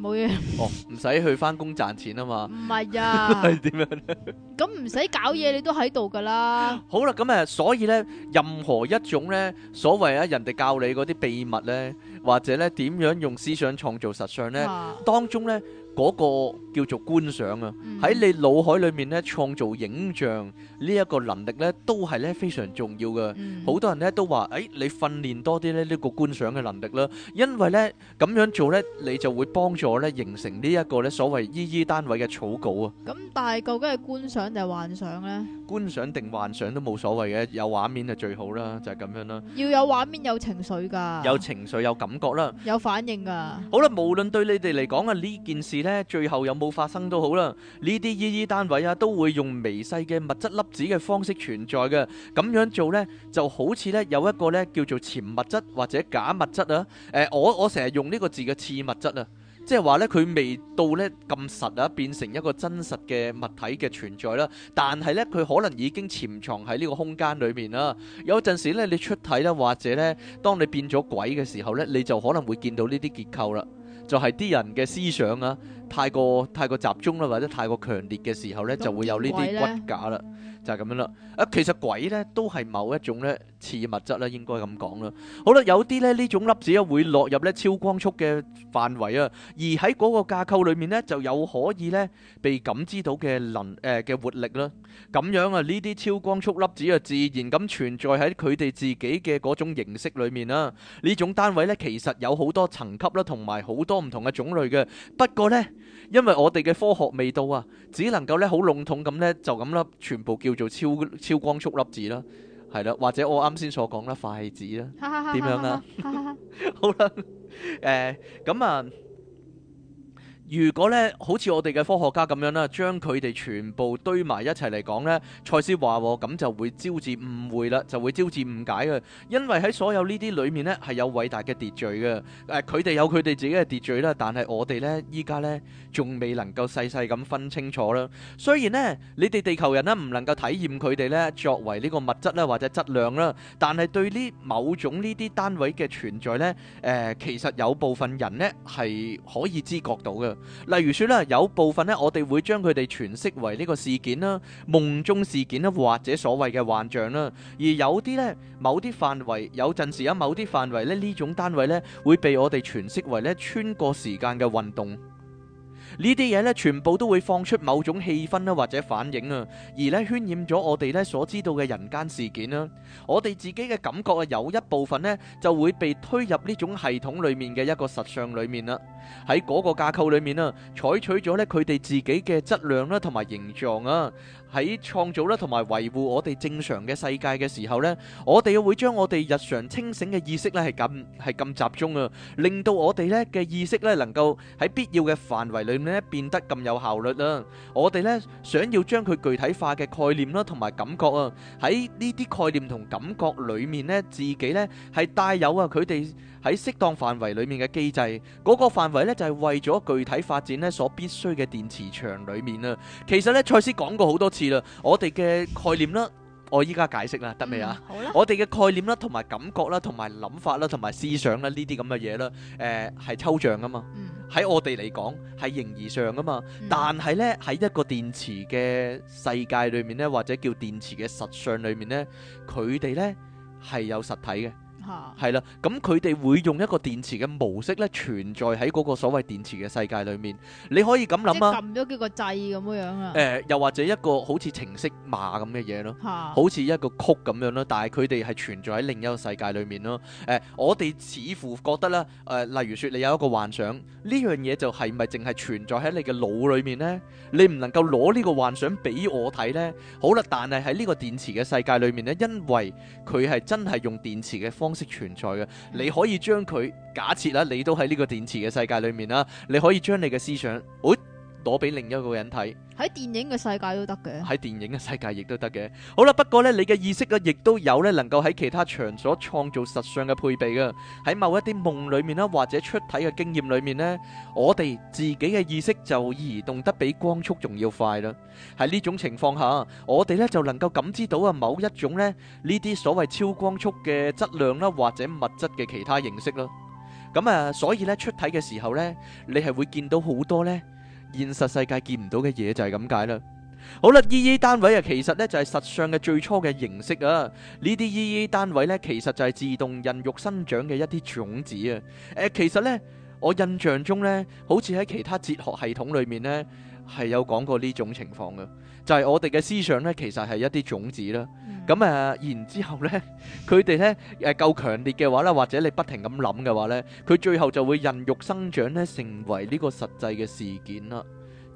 冇嘢。 哦，唔使去返工賺錢啊嘛。唔係啊，係點 樣咧？咁唔使搞嘢，你都喺度㗎啦。 好啦，咁誒，所以咧，任何一種咧，所謂啊，人哋教你嗰啲秘密咧，或者咧點樣用思想創造實相咧，啊、當中咧。嗰個叫做觀想啊，喺你腦海裏面咧創造影像呢一個能力咧，都係咧非常重要嘅。好多人咧都話：誒，你訓練多啲咧呢個觀想嘅能力啦，因為咧咁樣做咧，你就會幫助咧形成呢一個咧所謂依依單位嘅草稿啊。咁但係究竟係觀想定幻想咧？觀想定幻想都冇所謂嘅，有畫面就最好啦，就係咁樣啦。要有畫面、有情緒㗎。有情緒、有感覺啦。有反應㗎。好啦，無論對你哋嚟講啊，呢件事，咧，最後有冇發生都好啦。呢啲 EE 單位啊，都會用微細嘅物質粒子嘅方式存在嘅。咁樣做呢，就好似咧有一個咧叫做潛物質或者假物質啊。呃，我我成日用呢個字嘅次物質啊，即係話呢，佢未到咧咁實啊，變成一個真實嘅物體嘅存在啦。但係呢，佢可能已經潛藏喺呢個空間裏面啦。有陣時呢，你出體啦，或者呢，當你變咗鬼嘅時候呢，你就可能會見到呢啲結構啦。就係啲人嘅思想啊，太過太過集中嘞，或者太過強烈嘅時候呢，就會有呢啲骨架嘞。就係咁樣啦，啊，其實鬼咧都係某一種咧似物質啦，應該咁講啦。好啦，有啲咧呢種粒子啊會落入咧超光速嘅範圍啊，而喺嗰個架構裏面咧就有可以咧被感知到嘅能誒嘅活力啦。咁樣啊，呢啲超光速粒子啊自然咁存在喺佢哋自己嘅嗰種形式裏面啦。呢種單位咧其實有好多層級啦，同埋好多唔同嘅種類嘅。不過咧。因為我哋嘅科學未到啊，只能夠咧好籠統咁咧就咁啦，全部叫做超超光速粒子啦，係啦，或者我啱先所講啦，筷子啦，點 樣啦？好啦 呃，誒咁啊～如果咧，好似我哋嘅科學家咁樣啦，將佢哋全部堆埋一齊嚟講呢，賽斯話咁就會招致誤會啦，就會招致誤解嘅，因為喺所有呢啲裏面呢，係有偉大嘅秩序嘅，誒、呃，佢哋有佢哋自己嘅秩序啦，但係我哋呢依家呢仲未能夠細細咁分清楚啦。雖然咧你哋地球人呢唔能夠體驗佢哋呢作為呢個物質啦或者質量啦，但係對呢某種呢啲單位嘅存在呢誒、呃、其實有部分人呢係可以知覺到嘅。例如說咧，有部分咧，我哋會將佢哋詮釋為呢個事件啦、夢中事件啦，或者所謂嘅幻象啦。而有啲呢，某啲範圍，有陣時啊，某啲範圍呢，呢種單位呢，會被我哋詮釋為咧穿過時間嘅運動。呢啲嘢咧，全部都會放出某種氣氛啦，或者反應啊，而咧渲染咗我哋咧所知道嘅人間事件啦，我哋自己嘅感覺啊，有一部分呢就會被推入呢種系統裡面嘅一個實相裡面啦，喺嗰個架構裡面啊，採取咗咧佢哋自己嘅質量啦同埋形狀啊。喺創造咧，同埋維護我哋正常嘅世界嘅時候咧，我哋會將我哋日常清醒嘅意識咧係咁係咁集中啊，令到我哋咧嘅意識咧能夠喺必要嘅範圍裏面咧，變得咁有效率啊！我哋咧想要將佢具體化嘅概念啦，同埋感覺啊，喺呢啲概念同感覺裏面咧，自己咧係帶有啊佢哋。喺適當範圍裏面嘅機制，嗰、那個範圍咧就係、是、為咗具體發展咧所必須嘅電磁場裏面啦。其實咧，賽斯講過好多次啦。我哋嘅概念啦，我依家解釋啦，得未啊？嗯、我哋嘅概念啦，同埋感覺啦，同埋諗法啦，同埋思想啦，呢啲咁嘅嘢啦，誒、呃、係抽象㗎嘛。喺、嗯、我哋嚟講，係形而上㗎嘛。嗯、但係咧喺一個電池嘅世界裏面咧，或者叫電池嘅實相裏面咧，佢哋咧係有實體嘅。係啦，咁佢哋會用一個電池嘅模式咧存在喺嗰個所謂電池嘅世界裏面。你可以咁諗啊，撳咗幾個掣咁樣啊。誒、呃，又或者一個好似程式碼咁嘅嘢咯，好似一個曲咁樣咯。但係佢哋係存在喺另一個世界裏面咯。誒、呃，我哋似乎覺得咧，誒、呃，例如説你有一個幻想，呢樣嘢就係咪淨係存在喺你嘅腦裏面呢？你唔能夠攞呢個幻想俾我睇呢。好啦，但係喺呢個電池嘅世界裏面呢，因為佢係真係用電池嘅方。識存在嘅，你可以將，佢假設啦，你都喺呢個電池嘅世界裏面啦，你可以將，你嘅思想，攞俾另一個人睇，喺電影嘅世界都得嘅，喺電影嘅世界亦都得嘅。好啦，不過咧，你嘅意識啊，亦都有咧能夠喺其他場所創造實相嘅配備嘅。喺某一啲夢裏面啦，或者出體嘅經驗裏面咧，我哋自己嘅意識就移動得比光速仲要快啦。喺呢種情況下，我哋咧就能夠感知到啊某一種咧呢啲所謂超光速嘅質量啦，或者物質嘅其他形式囉。咁啊，所以咧出體嘅時候咧，你係會見到好多咧。現實世界見唔到嘅嘢，就係咁解啦。好啦，EE 單位啊，其實呢，就係實相嘅最初嘅形式啊。呢啲 EE 單位呢，其實就係自動孕育生長嘅一啲種子啊。誒、呃，其實呢，我印象中呢，好似喺其他哲學系統裏面呢，係有講過呢種情況噶。就係我哋嘅思想咧，其實係一啲種子啦。咁誒、嗯啊，然之後咧，佢哋咧誒夠強烈嘅話咧，或者你不停咁諗嘅話咧，佢最後就會孕育生長咧，成為呢個實際嘅事件啦。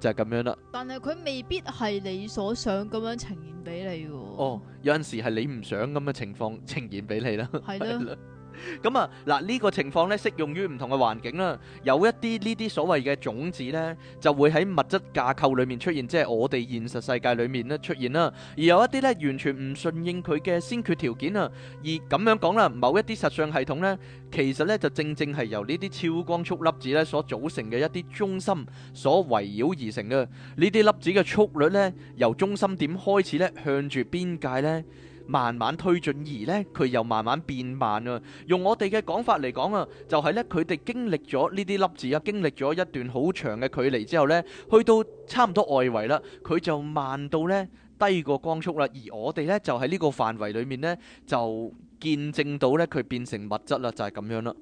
就係、是、咁樣啦。但係佢未必係你所想咁樣呈現俾你喎。哦，有陣時係你唔想咁嘅情況呈現俾你啦。係咯的。 咁啊，嗱，這、呢個情況咧，適用於唔同嘅環境啦。有一啲呢啲所謂嘅種子呢，就會喺物質架構裡面出現，即係我哋現實世界裡面咧出現啦。而有一啲呢，完全唔順應佢嘅先決條件啊。而咁樣講啦，某一啲實相系統呢，其實呢就正正係由呢啲超光速粒子呢所組成嘅一啲中心所圍繞而成嘅。呢啲粒子嘅速率呢，由中心點開始呢向住邊界呢。慢慢推進，而呢，佢又慢慢變慢啊！用我哋嘅講法嚟講啊，就係呢，佢哋經歷咗呢啲粒子啊，經歷咗一段好長嘅距離之後呢，去到差唔多外圍啦，佢就慢到呢，低過光速啦。而我哋呢，就喺呢個範圍裡面呢，就見證到呢，佢變成物質啦，就係咁樣啦。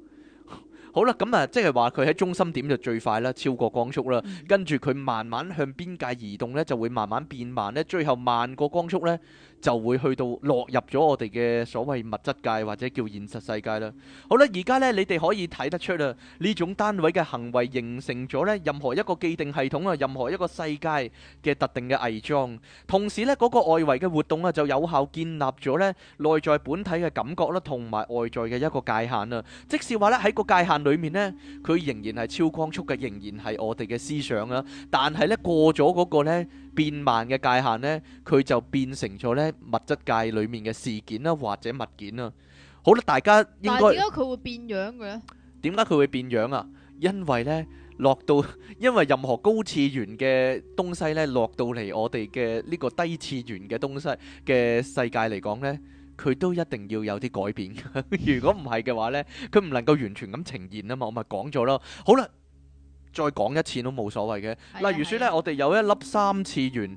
好啦，咁啊，即係話佢喺中心點就最快啦，超過光速啦。跟住佢慢慢向邊界移動呢，就會慢慢變慢呢。最後慢過光速呢。就會去到落入咗我哋嘅所謂物質界或者叫現實世界啦。好啦，而家咧你哋可以睇得出啦，呢種單位嘅行為形成咗咧，任何一個既定系統啊，任何一個世界嘅特定嘅偽裝，同時咧嗰個外圍嘅活動啊，就有效建立咗咧內在本體嘅感覺啦，同埋外在嘅一個界限啊。即係話咧喺個界限裡面咧，佢仍然係超光速嘅，仍然係我哋嘅思想啊。但係咧過咗嗰個咧，變慢嘅界限呢，佢就變成咗呢物質界裏面嘅事件啦，或者物件啦。好啦，大家應該點解佢會變樣嘅呢？點解佢會變樣啊？因為呢落到，因為任何高次元嘅東西呢落到嚟我哋嘅呢個低次元嘅東西嘅世界嚟講呢，佢都一定要有啲改變。如果唔係嘅話呢，佢唔能夠完全咁呈現啊嘛。我咪講咗咯。好啦。再講一次都冇所謂嘅。例是的 如說咧，的我哋有一粒三次元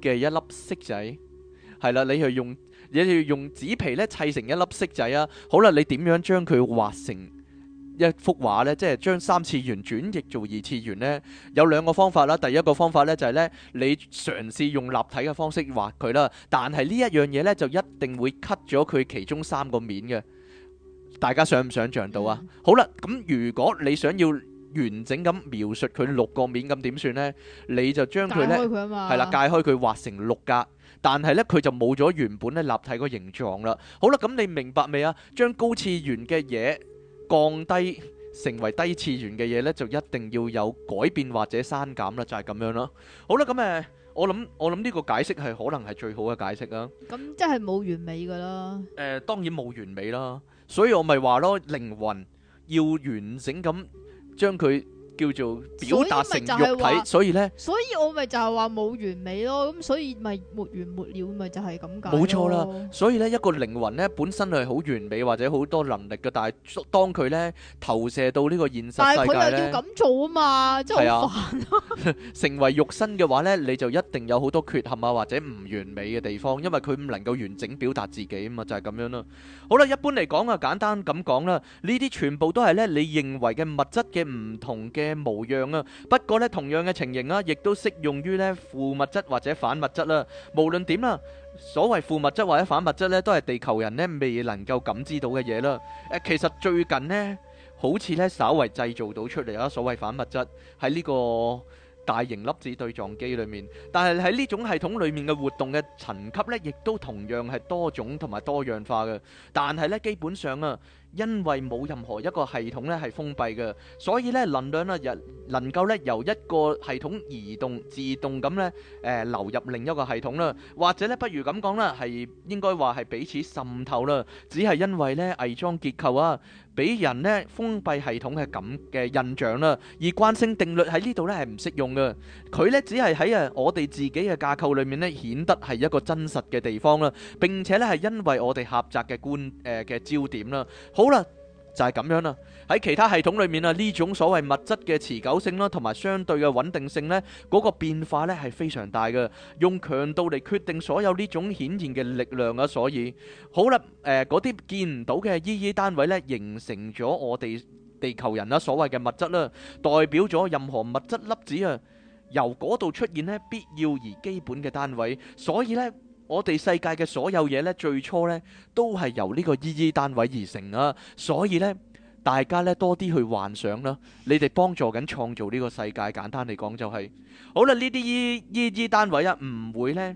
嘅一粒色仔，係啦，你去用，你要用紙皮咧砌成一粒色仔啊。好啦，你點樣將佢畫成一幅畫呢？即係將三次元轉譯做二次元呢？有兩個方法啦。第一個方法呢，就係、是、呢：你嘗試用立體嘅方式畫佢啦。但係呢一樣嘢呢，就一定會 cut 咗佢其中三個面嘅。大家想唔想像到啊？嗯、好啦，咁如果你想要完整咁描述佢六個面咁點算咧？你就將佢咧係啦，解開佢畫成六格，但係咧佢就冇咗原本咧立體個形狀啦。好啦，咁你明白未啊？將高次元嘅嘢降低成為低次元嘅嘢咧，就一定要有改變或者刪減啦，就係咁樣咯。好啦，咁誒，我諗我諗呢個解釋係可能係最好嘅解釋啊。咁即係冇完美噶啦。誒，當然冇完美啦，所以我咪話咯，靈魂要完整咁。將佢。叫做表達成肉體，所以咧，所以我咪就係話冇完美咯，咁所以咪沒完沒了，咪就係咁解。冇錯啦，所以咧一個靈魂咧本身係好完美或者好多能力嘅，但係當佢咧投射到呢個現實，但係佢又要咁做啊嘛，即係好煩。成為肉身嘅話咧，你就一定有好多缺陷啊或者唔完美嘅地方，因為佢唔能夠完整表達自己啊嘛，就係咁樣咯。好啦，一般嚟講啊，簡單咁講啦，呢啲全部都係咧你認為嘅物質嘅唔同嘅。嘅模樣啊，不過咧同樣嘅情形啊，亦都適用於咧負物質或者反物質啦。無論點啊，所謂負物質或者反物質咧，都係地球人咧未能夠感知到嘅嘢啦。誒，其實最近咧，好似咧稍為製造到出嚟啦，所謂反物質喺呢個大型粒子對撞機裡面，但係喺呢種系統裡面嘅活動嘅層級咧，亦都同樣係多種同埋多樣化嘅。但係咧，基本上啊。因為冇任何一個系統咧係封閉嘅，所以咧能量咧，人能夠咧由一個系統移動自動咁咧，誒流入另一個系統啦，或者咧不如咁講啦，係應該話係彼此滲透啦，只係因為咧偽裝結構啊，俾人咧封閉系統嘅咁嘅印象啦，而慣性定律喺呢度咧係唔適用嘅，佢咧只係喺誒我哋自己嘅架構裏面咧顯得係一個真實嘅地方啦，並且咧係因為我哋狹窄嘅觀誒嘅焦點啦。好啦，就係咁樣啦。喺其他系統裏面啊，呢種所謂物質嘅持久性啦，同埋相對嘅穩定性咧，嗰個變化咧係非常大嘅。用強度嚟決定所有呢種顯現嘅力量啊。所以好啦，誒，嗰啲見唔到嘅依依單位咧，形成咗我哋地球人啦，所謂嘅物質啦，代表咗任何物質粒子啊，由嗰度出現咧，必要而基本嘅單位。所以咧。我哋世界嘅所有嘢咧，最初咧都係由呢個依依單位而成啊，所以咧，大家咧多啲去幻想啦，你哋幫助緊創造呢個世界，簡單嚟講就係好啦，呢啲依依依單位啊，唔會咧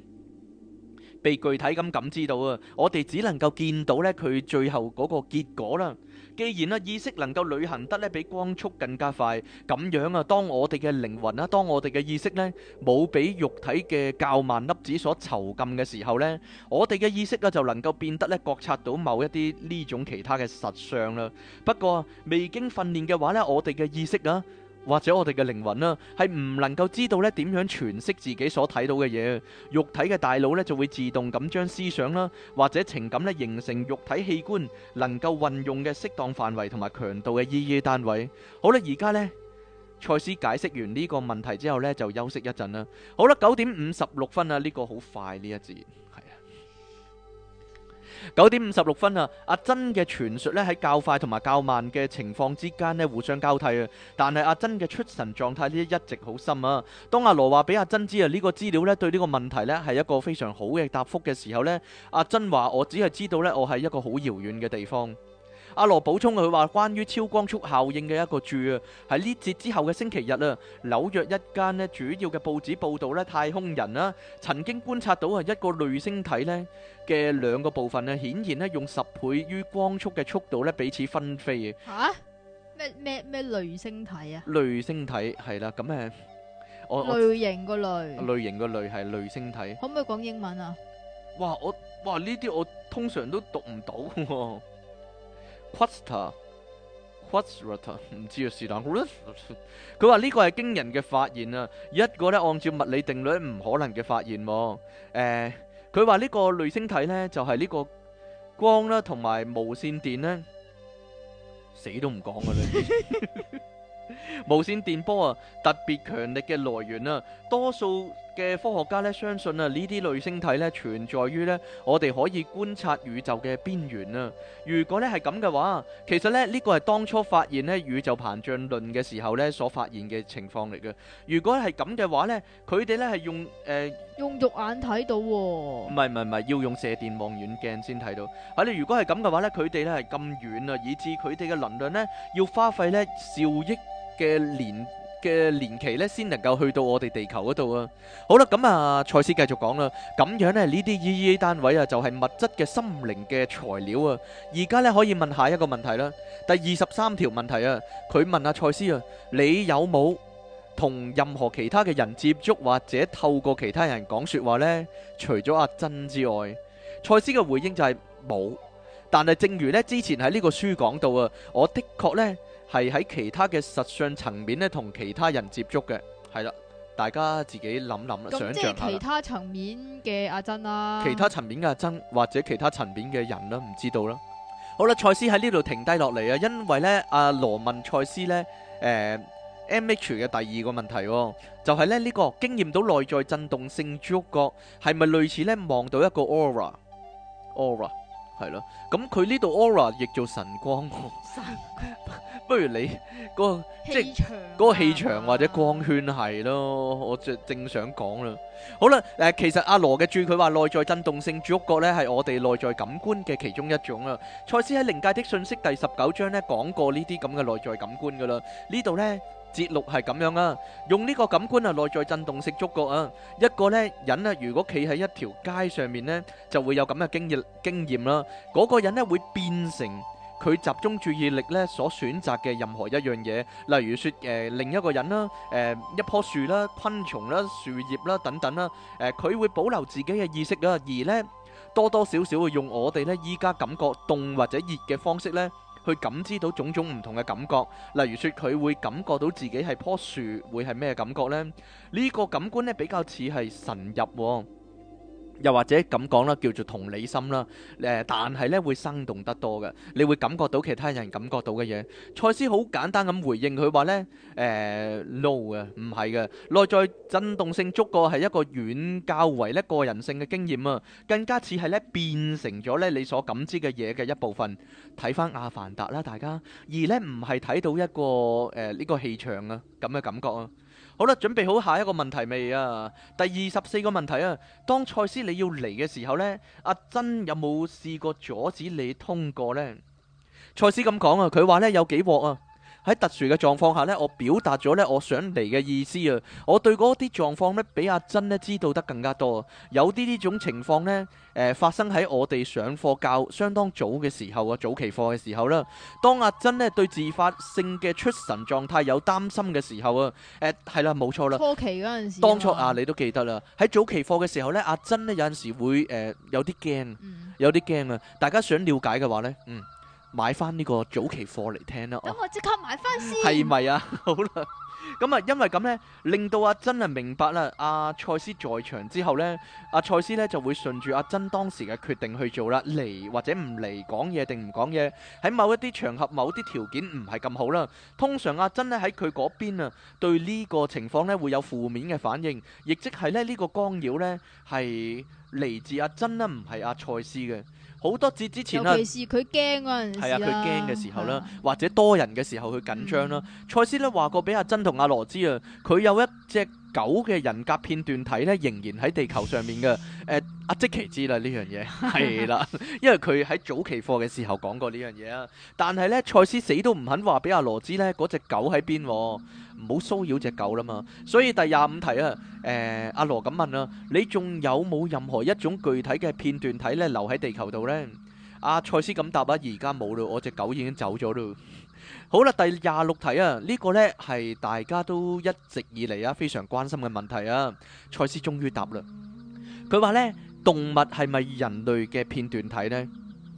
被具體咁感知到啊，我哋只能夠見到咧佢最後嗰個結果啦。既然啊，意識能夠旅行得咧，比光速更加快，咁樣啊，當我哋嘅靈魂啊，當我哋嘅意識咧，冇俾肉體嘅較慢粒子所囚禁嘅時候呢，我哋嘅意識啊，就能夠變得咧，覺察到某一啲呢種其他嘅實相啦。不過未經訓練嘅話呢，我哋嘅意識啊～或者我哋嘅靈魂啦、啊，係唔能夠知道咧點樣詮釋自己所睇到嘅嘢。肉體嘅大腦咧就會自動咁將思想啦、啊、或者情感咧形成肉體器官能夠運用嘅適當範圍同埋強度嘅意義單位。好啦，而家呢，賽斯解釋完呢個問題之後呢，就休息一陣啦。好啦，九點五十六分啊，呢、這個好快呢一節。九點五十六分啊！阿珍嘅傳述咧喺較快同埋較慢嘅情況之間呢互相交替啊！但係阿珍嘅出神狀態呢一直好深啊！當阿羅話俾阿珍知啊，呢個資料咧對呢個問題咧係一個非常好嘅答覆嘅時候咧，阿珍話，我只係知道咧我係一個好遙遠嘅地方。阿羅補充佢話，關於超光速效應嘅一個注啊，喺呢節之後嘅星期日啊，紐約一間咧主要嘅報紙報道咧，太空人啦，曾經觀察到啊一個類星體咧嘅兩個部分咧，顯然咧用十倍於光速嘅速度咧彼此分飛啊！吓咩咩咩類星體啊？類星體係啦，咁誒，我類型個類，類型個類係類星體，可唔可以講英文啊？哇，我哇呢啲我通常都讀唔到。Quastar，Quastar，唔知又是但，佢話呢個係驚人嘅發現啊，一個咧按照物理定律唔可能嘅發現。誒，佢話呢個類星體咧就係呢個光啦，同埋無綫電咧，死都唔講噶啦。無綫電波啊，特別強力嘅來源啊，多數，嘅科學家咧，相信啊呢啲類星體咧存在於咧，我哋可以觀察宇宙嘅邊緣啊。如果咧係咁嘅話，其實咧呢、這個係當初發現咧宇宙膨脹論嘅時候咧所發現嘅情況嚟嘅。如果係咁嘅話咧，佢哋咧係用誒、呃、用肉眼睇到喎、哦？唔係唔係唔係，要用射電望遠鏡先睇到。係咧，如果係咁嘅話咧，佢哋咧係咁遠啊，以至佢哋嘅能量咧要花費咧兆億嘅年。嘅年期咧，先能夠去到我哋地球嗰度啊！好啦，咁啊，賽斯繼續講啦。咁樣呢，呢啲 E.E.A 單位啊，就係、是、物質嘅心靈嘅材料啊。而家咧可以問下一個問題啦。第二十三條問題啊，佢問阿賽斯啊，你有冇同任何其他嘅人接觸，或者透過其他人講說話呢？除咗阿珍之外，賽斯嘅回應就係、是、冇。但係正如呢，之前喺呢個書講到啊，我的確呢。係喺其他嘅實相層面咧，同其他人接觸嘅，係啦，大家自己諗諗啦，想像下。咁即係其他層面嘅阿珍啦。其他層面嘅阿珍，或者其他層面嘅人啦，唔知道啦。好啦，賽斯喺呢度停低落嚟啊，因為咧，阿、啊、羅問賽斯咧，誒、呃、M H 嘅第二個問題喎、哦，就係、是、咧呢、這個經驗到內在振動性觸覺係咪類似咧望到一個 aura？aura。係咯，咁佢呢度 aura 譯做神光、哦神不，不如你嗰、那個氣場、啊、即係嗰、那個氣場或者光圈係咯，我正正想講啦。好啦，誒、呃，其實阿羅嘅注，佢話內在振動性觸覺咧，係我哋內在感官嘅其中一種啊。賽斯喺《靈界的訊息》第十九章咧講過呢啲咁嘅內在感官噶啦，呢度咧。節錄係咁樣啊，用呢個感官啊，內在振動式觸覺啊，一個咧人咧，如果企喺一條街上面咧，就會有咁嘅經驗經驗啦。嗰個人咧會變成佢集中注意力咧所選擇嘅任何一樣嘢，例如説誒另一個人啦、誒一棵樹啦、昆蟲啦、樹葉啦等等啦。誒，佢會保留自己嘅意識啊，而咧多多少少會用我哋咧依家感覺凍或者熱嘅方式咧。去感知到種種唔同嘅感覺，例如説佢會感覺到自己係棵樹，會係咩感覺呢？呢個感官呢，比較似係神入喎。又或者咁講啦，叫做同理心啦，誒，但係咧會生動得多嘅，你會感覺到其他人感覺到嘅嘢。賽斯好簡單咁回應佢話咧，誒，no 嘅，唔係嘅，內在震動性觸覺係一個遠較為咧個人性嘅經驗啊，更加似係咧變成咗咧你所感知嘅嘢嘅一部分。睇返《阿凡達》啦，大家，而咧唔係睇到一個誒呢個氣場啊，咁嘅感覺啊。好啦，準備好下一個問題未啊？第二十四個問題啊，當賽斯你要嚟嘅時候呢，阿珍有冇試過阻止你通過呢？賽斯咁講啊，佢話呢，有幾鑊啊？喺特殊嘅狀況下呢，我表達咗呢，我想嚟嘅意思啊，我對嗰啲狀況呢，比阿珍呢知道得更加多。有啲呢種情況呢，誒、呃、發生喺我哋上課教相當早嘅時候啊，早期課嘅時候啦。當阿珍呢對自發性嘅出神狀態有擔心嘅時候啊，誒、呃、係啦，冇錯啦，初期嗰陣時，當初啊，你都記得啦。喺早期課嘅時候呢，阿珍呢有陣時會誒有啲驚，有啲驚啊。大家想了解嘅話呢，嗯。買翻呢個早期課嚟聽啦，咁、哦、我即刻買翻先，係咪啊？好啦，咁啊，因為咁呢，令到阿珍啊明白啦，阿賽斯在場之後呢，阿賽斯呢就會順住阿珍當時嘅決定去做啦，嚟或者唔嚟講嘢定唔講嘢，喺某一啲場合、某啲條件唔係咁好啦。通常阿珍咧喺佢嗰邊啊，對呢個情況呢會有負面嘅反應，亦即係咧呢個干擾呢係嚟自阿珍啦，唔係阿賽斯嘅。好多節之前啦，尤其是佢驚嗰陣時啦，係啊，佢驚嘅時候的或者多人嘅時候佢緊張啦。賽、嗯、斯咧話過俾阿珍同阿羅知啊，佢有一隻狗嘅人格片段體咧，仍然喺地球上面嘅。誒、呃，阿即其知啦呢樣嘢，係啦， 因為佢喺早期課嘅時候講過呢樣嘢啊。但係咧，賽斯死都唔肯話俾阿羅知咧，嗰隻狗喺邊。唔好騷擾隻狗啦嘛，所以第廿五題啊，誒，阿羅咁問呀，你仲有冇任何一種具體嘅片段體呢留喺地球度呢？阿賽斯咁答啊，而家冇啦，我隻狗已經走咗啦。好啦，第廿六題啊，呢個呢係大家都一直以嚟啊非常關心嘅問題啊。賽斯終於答啦，佢話呢動物係咪人類嘅片段體呢？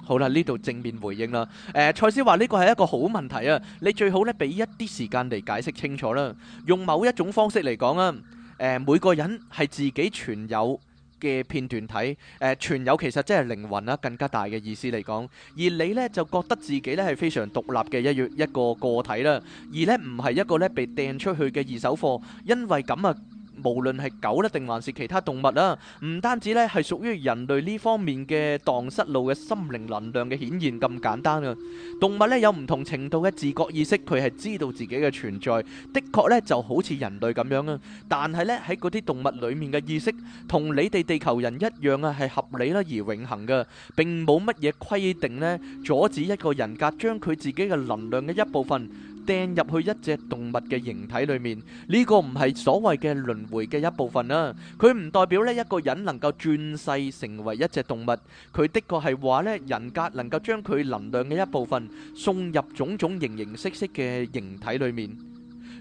好啦，呢度正面回應啦。誒、呃，賽斯話呢個係一個好問題啊，你最好咧俾一啲時間嚟解釋清楚啦。用某一種方式嚟講啊，誒、呃，每個人係自己存有嘅片段體，誒、呃，存有其實即係靈魂啦，啊，更加大嘅意思嚟講。而你呢，就覺得自己呢係非常獨立嘅一約一個個體啦，而呢唔係一個呢被掟出去嘅二手貨，因為咁啊。無論係狗咧，定還是其他動物啦，唔單止咧係屬於人類呢方面嘅蕩失路嘅心靈能量嘅顯現咁簡單啊！動物咧有唔同程度嘅自覺意識，佢係知道自己嘅存在，的確咧就好似人類咁樣啊！但係咧喺嗰啲動物裡面嘅意識，同你哋地球人一樣啊，係合理啦而永恆嘅，並冇乜嘢規定咧阻止一個人格將佢自己嘅能量嘅一部分。掟入去一隻動物嘅形體裏面，呢、這個唔係所謂嘅輪迴嘅一部分啦、啊。佢唔代表咧一個人能夠轉世成為一隻動物，佢的確係話咧人格能夠將佢能量嘅一部分送入種種形形式式嘅形體裏面。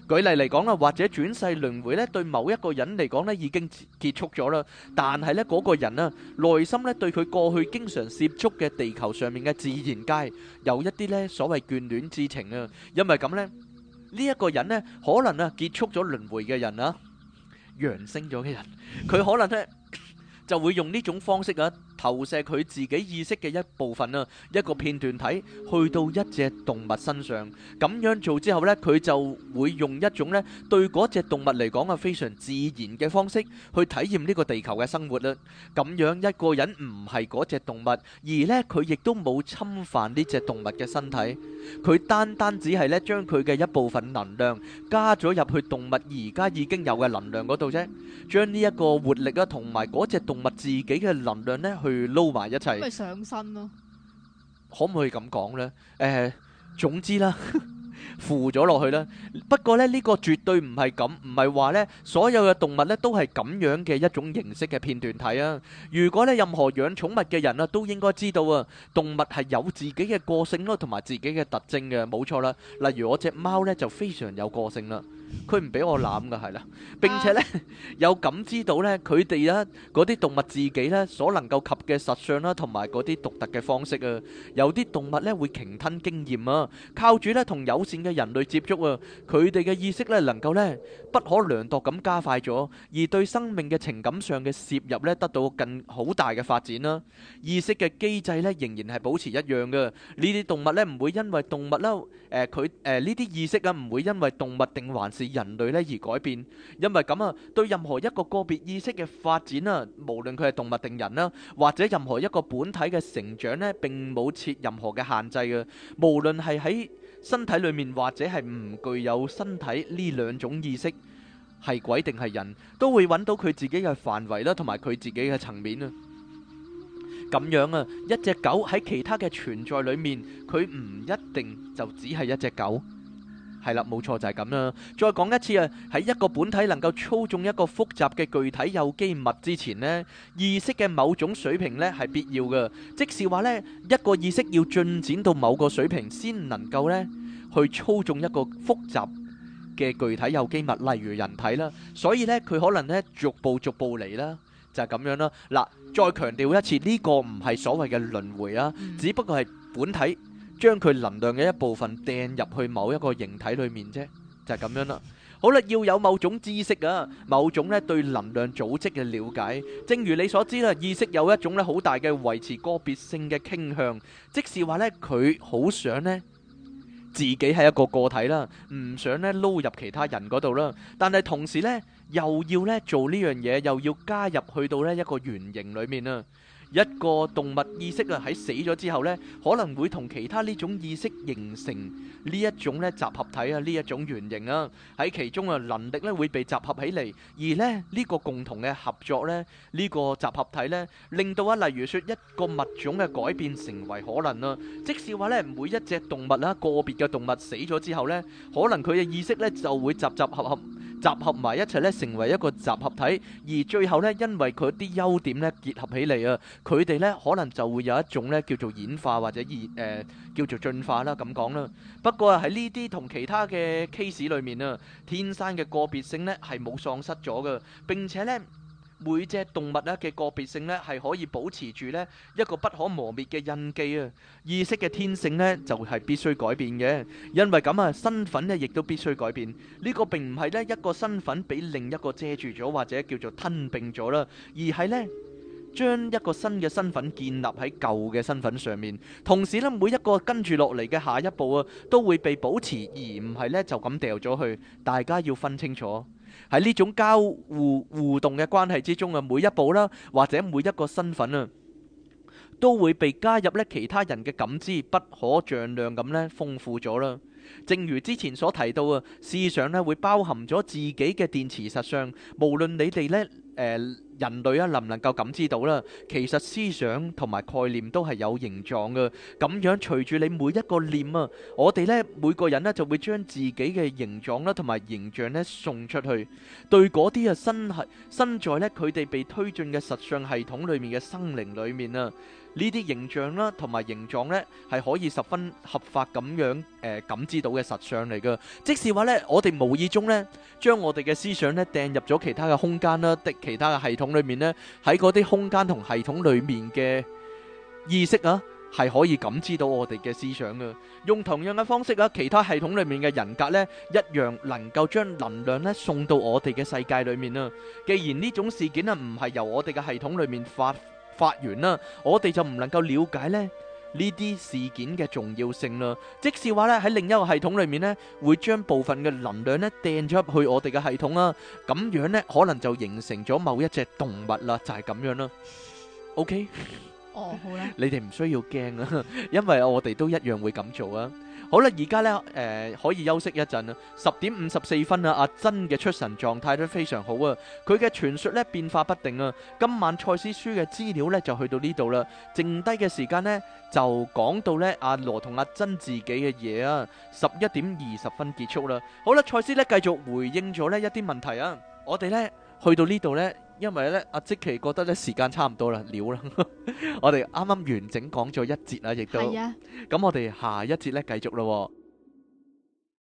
舉例嚟講啦，或者轉世輪迴咧，對某一個人嚟講咧，已經結束咗啦。但係咧，嗰個人咧，內心咧，對佢過去經常接觸嘅地球上面嘅自然界，有一啲咧所謂眷戀之情啊。因為咁咧，呢一個人咧，可能啊結束咗輪迴嘅人啊，揚升咗嘅人，佢可能咧就會用呢種方式啊。投射佢自己意識嘅一部分啊，一個片段體去到一隻動物身上，咁樣做之後咧，佢就會用一種咧對嗰隻動物嚟講啊非常自然嘅方式去體驗呢個地球嘅生活啦。咁樣一個人唔係嗰隻動物，而咧佢亦都冇侵犯呢隻動物嘅身體，佢單單只係咧將佢嘅一部分能量加咗入去動物而家已經有嘅能量度啫，將呢一個活力啊同埋嗰隻動物自己嘅能量咧去。撈埋一齊，咪上身咯。可唔可以咁講呢？誒，總之啦，扶咗落去啦。不過呢，呢個絕對唔係咁，唔係話呢所有嘅動物呢都係咁樣嘅一種形式嘅片段體啊。如果呢任何養寵物嘅人啊都應該知道啊，動物係有自己嘅個性咯，同埋自己嘅特徵嘅，冇錯啦。例如我隻貓呢就非常有個性啦。佢唔俾我攬噶，係啦。並且咧，有感知到咧，佢哋咧嗰啲動物自己咧所能夠及嘅實相啦，同埋嗰啲獨特嘅方式啊。有啲動物咧會鯨吞經驗啊，靠住咧同友善嘅人類接觸啊，佢哋嘅意識咧能夠咧不可量度咁加快咗，而對生命嘅情感上嘅涉入咧得到更好大嘅發展啦。意識嘅機制咧仍然係保持一樣嘅。呢啲動物咧唔會因為動物啦，誒佢誒呢啲意識啊唔會因為動物定還是，人類咧而改變，因為咁啊，對任何一個個別意識嘅發展啊，無論佢係動物定人啦，或者任何一個本體嘅成長呢，並冇設任何嘅限制嘅。無論係喺身體裏面或者係唔具有身體呢兩種意識，係鬼定係人都會揾到佢自己嘅範圍啦，同埋佢自己嘅層面啊。咁樣啊，一隻狗喺其他嘅存在裏面，佢唔一定就只係一隻狗。係啦，冇錯就係咁啦。再講一次啊，喺一個本體能夠操縱一個複雜嘅具體有機物之前呢，意識嘅某種水平呢係必要嘅。即是話呢，一個意識要進展到某個水平先能夠呢去操縱一個複雜嘅具體有機物，例如人體啦。所以呢，佢可能呢逐步逐步嚟啦，就係咁樣啦。嗱，再強調一次，呢個唔係所謂嘅輪迴啊，只不過係本體。將佢能量嘅一部分掟入去某一個形體裏面啫，就係咁樣啦。好啦，要有某種知識啊，某種咧對能量組織嘅了解。正如你所知啦，意識有一種咧好大嘅維持個別性嘅傾向，即是話咧佢好想咧自己係一個個體啦，唔想咧撈入其他人嗰度啦。但係同時咧，又要咧做呢樣嘢，又要加入去到咧一個圓形裏面啊。一個動物意識啊，喺死咗之後咧，可能會同其他呢種意識形成呢一種咧集合體啊，呢一種原型啊，喺其中啊能力咧會被集合起嚟，而咧呢個共同嘅合作咧，呢個集合體咧，令到啊，例如說一個物種嘅改變成為可能啦，即使話咧每一隻動物啦，個別嘅動物死咗之後咧，可能佢嘅意識咧就會集集合合。集合埋一齊咧，成為一個集合體，而最後咧，因為佢啲優點咧結合起嚟啊，佢哋咧可能就會有一種咧叫做演化或者演誒、呃、叫做進化啦，咁講啦。不過喺呢啲同其他嘅 case 裏面啊，天生嘅個別性咧係冇喪失咗嘅，並且咧。每隻動物咧嘅個別性咧係可以保持住咧一個不可磨滅嘅印記啊！意識嘅天性咧就係必須改變嘅，因為咁啊身份咧亦都必須改變。呢個並唔係咧一個身份俾另一個遮住咗或者叫做吞併咗啦，而係咧將一個新嘅身份建立喺舊嘅身份上面。同時咧每一個跟住落嚟嘅下一步啊都會被保持，而唔係咧就咁掉咗去。大家要分清楚。喺呢種交互互動嘅關係之中啊，每一步啦，或者每一個身份啊，都會被加入咧其他人嘅感知，不可丈量咁呢，豐富咗啦。正如之前所提到啊，思想咧會包含咗自己嘅電磁實相，無論你哋咧誒人類啊能唔能夠感知到啦，其實思想同埋概念都係有形狀嘅。咁樣隨住你每一個念啊，我哋咧每個人呢，就會將自己嘅形狀啦同埋形象咧送出去，對嗰啲啊身係身在咧佢哋被推進嘅實相系統裏面嘅生靈裏面啊。呢啲形象啦，同埋形狀咧，係可以十分合法咁樣誒感知到嘅實相嚟嘅。即使話咧，我哋無意中咧，將我哋嘅思想咧掟入咗其他嘅空間啦，的其他嘅系統裏面咧，喺嗰啲空間同系統裏面嘅意識啊，係可以感知到我哋嘅思想嘅。用同樣嘅方式啊，其他系統裏面嘅人格咧，一樣能夠將能量咧送到我哋嘅世界裏面啊。既然呢種事件啊，唔係由我哋嘅系統裏面發發完啦，我哋就唔能夠了解咧呢啲事件嘅重要性啦。即使話咧，喺另一個系統裏面咧，會將部分嘅能量咧掟出去我哋嘅系統啦，咁樣咧可能就形成咗某一隻動物啦，就係咁樣啦。OK，哦好咧，你哋唔需要驚啊，因為我哋都一樣會咁做啊。好啦，而家咧，誒，可以休息一陣啦。十點五十四分啦，阿珍嘅出神狀態都非常好啊。佢嘅傳說咧變化不定啊。今晚賽斯書嘅資料咧就去到呢度啦。剩低嘅時間呢，就講到咧阿羅同阿珍自己嘅嘢啊。十一點二十分結束啦。好啦，賽斯咧繼續回應咗呢一啲問題啊。我哋咧去到呢度咧。因為呢，阿積奇覺得咧時間差唔多啦，了啦。 我哋啱啱完整講咗一節啦，亦都咁的我哋下一節咧繼續咯。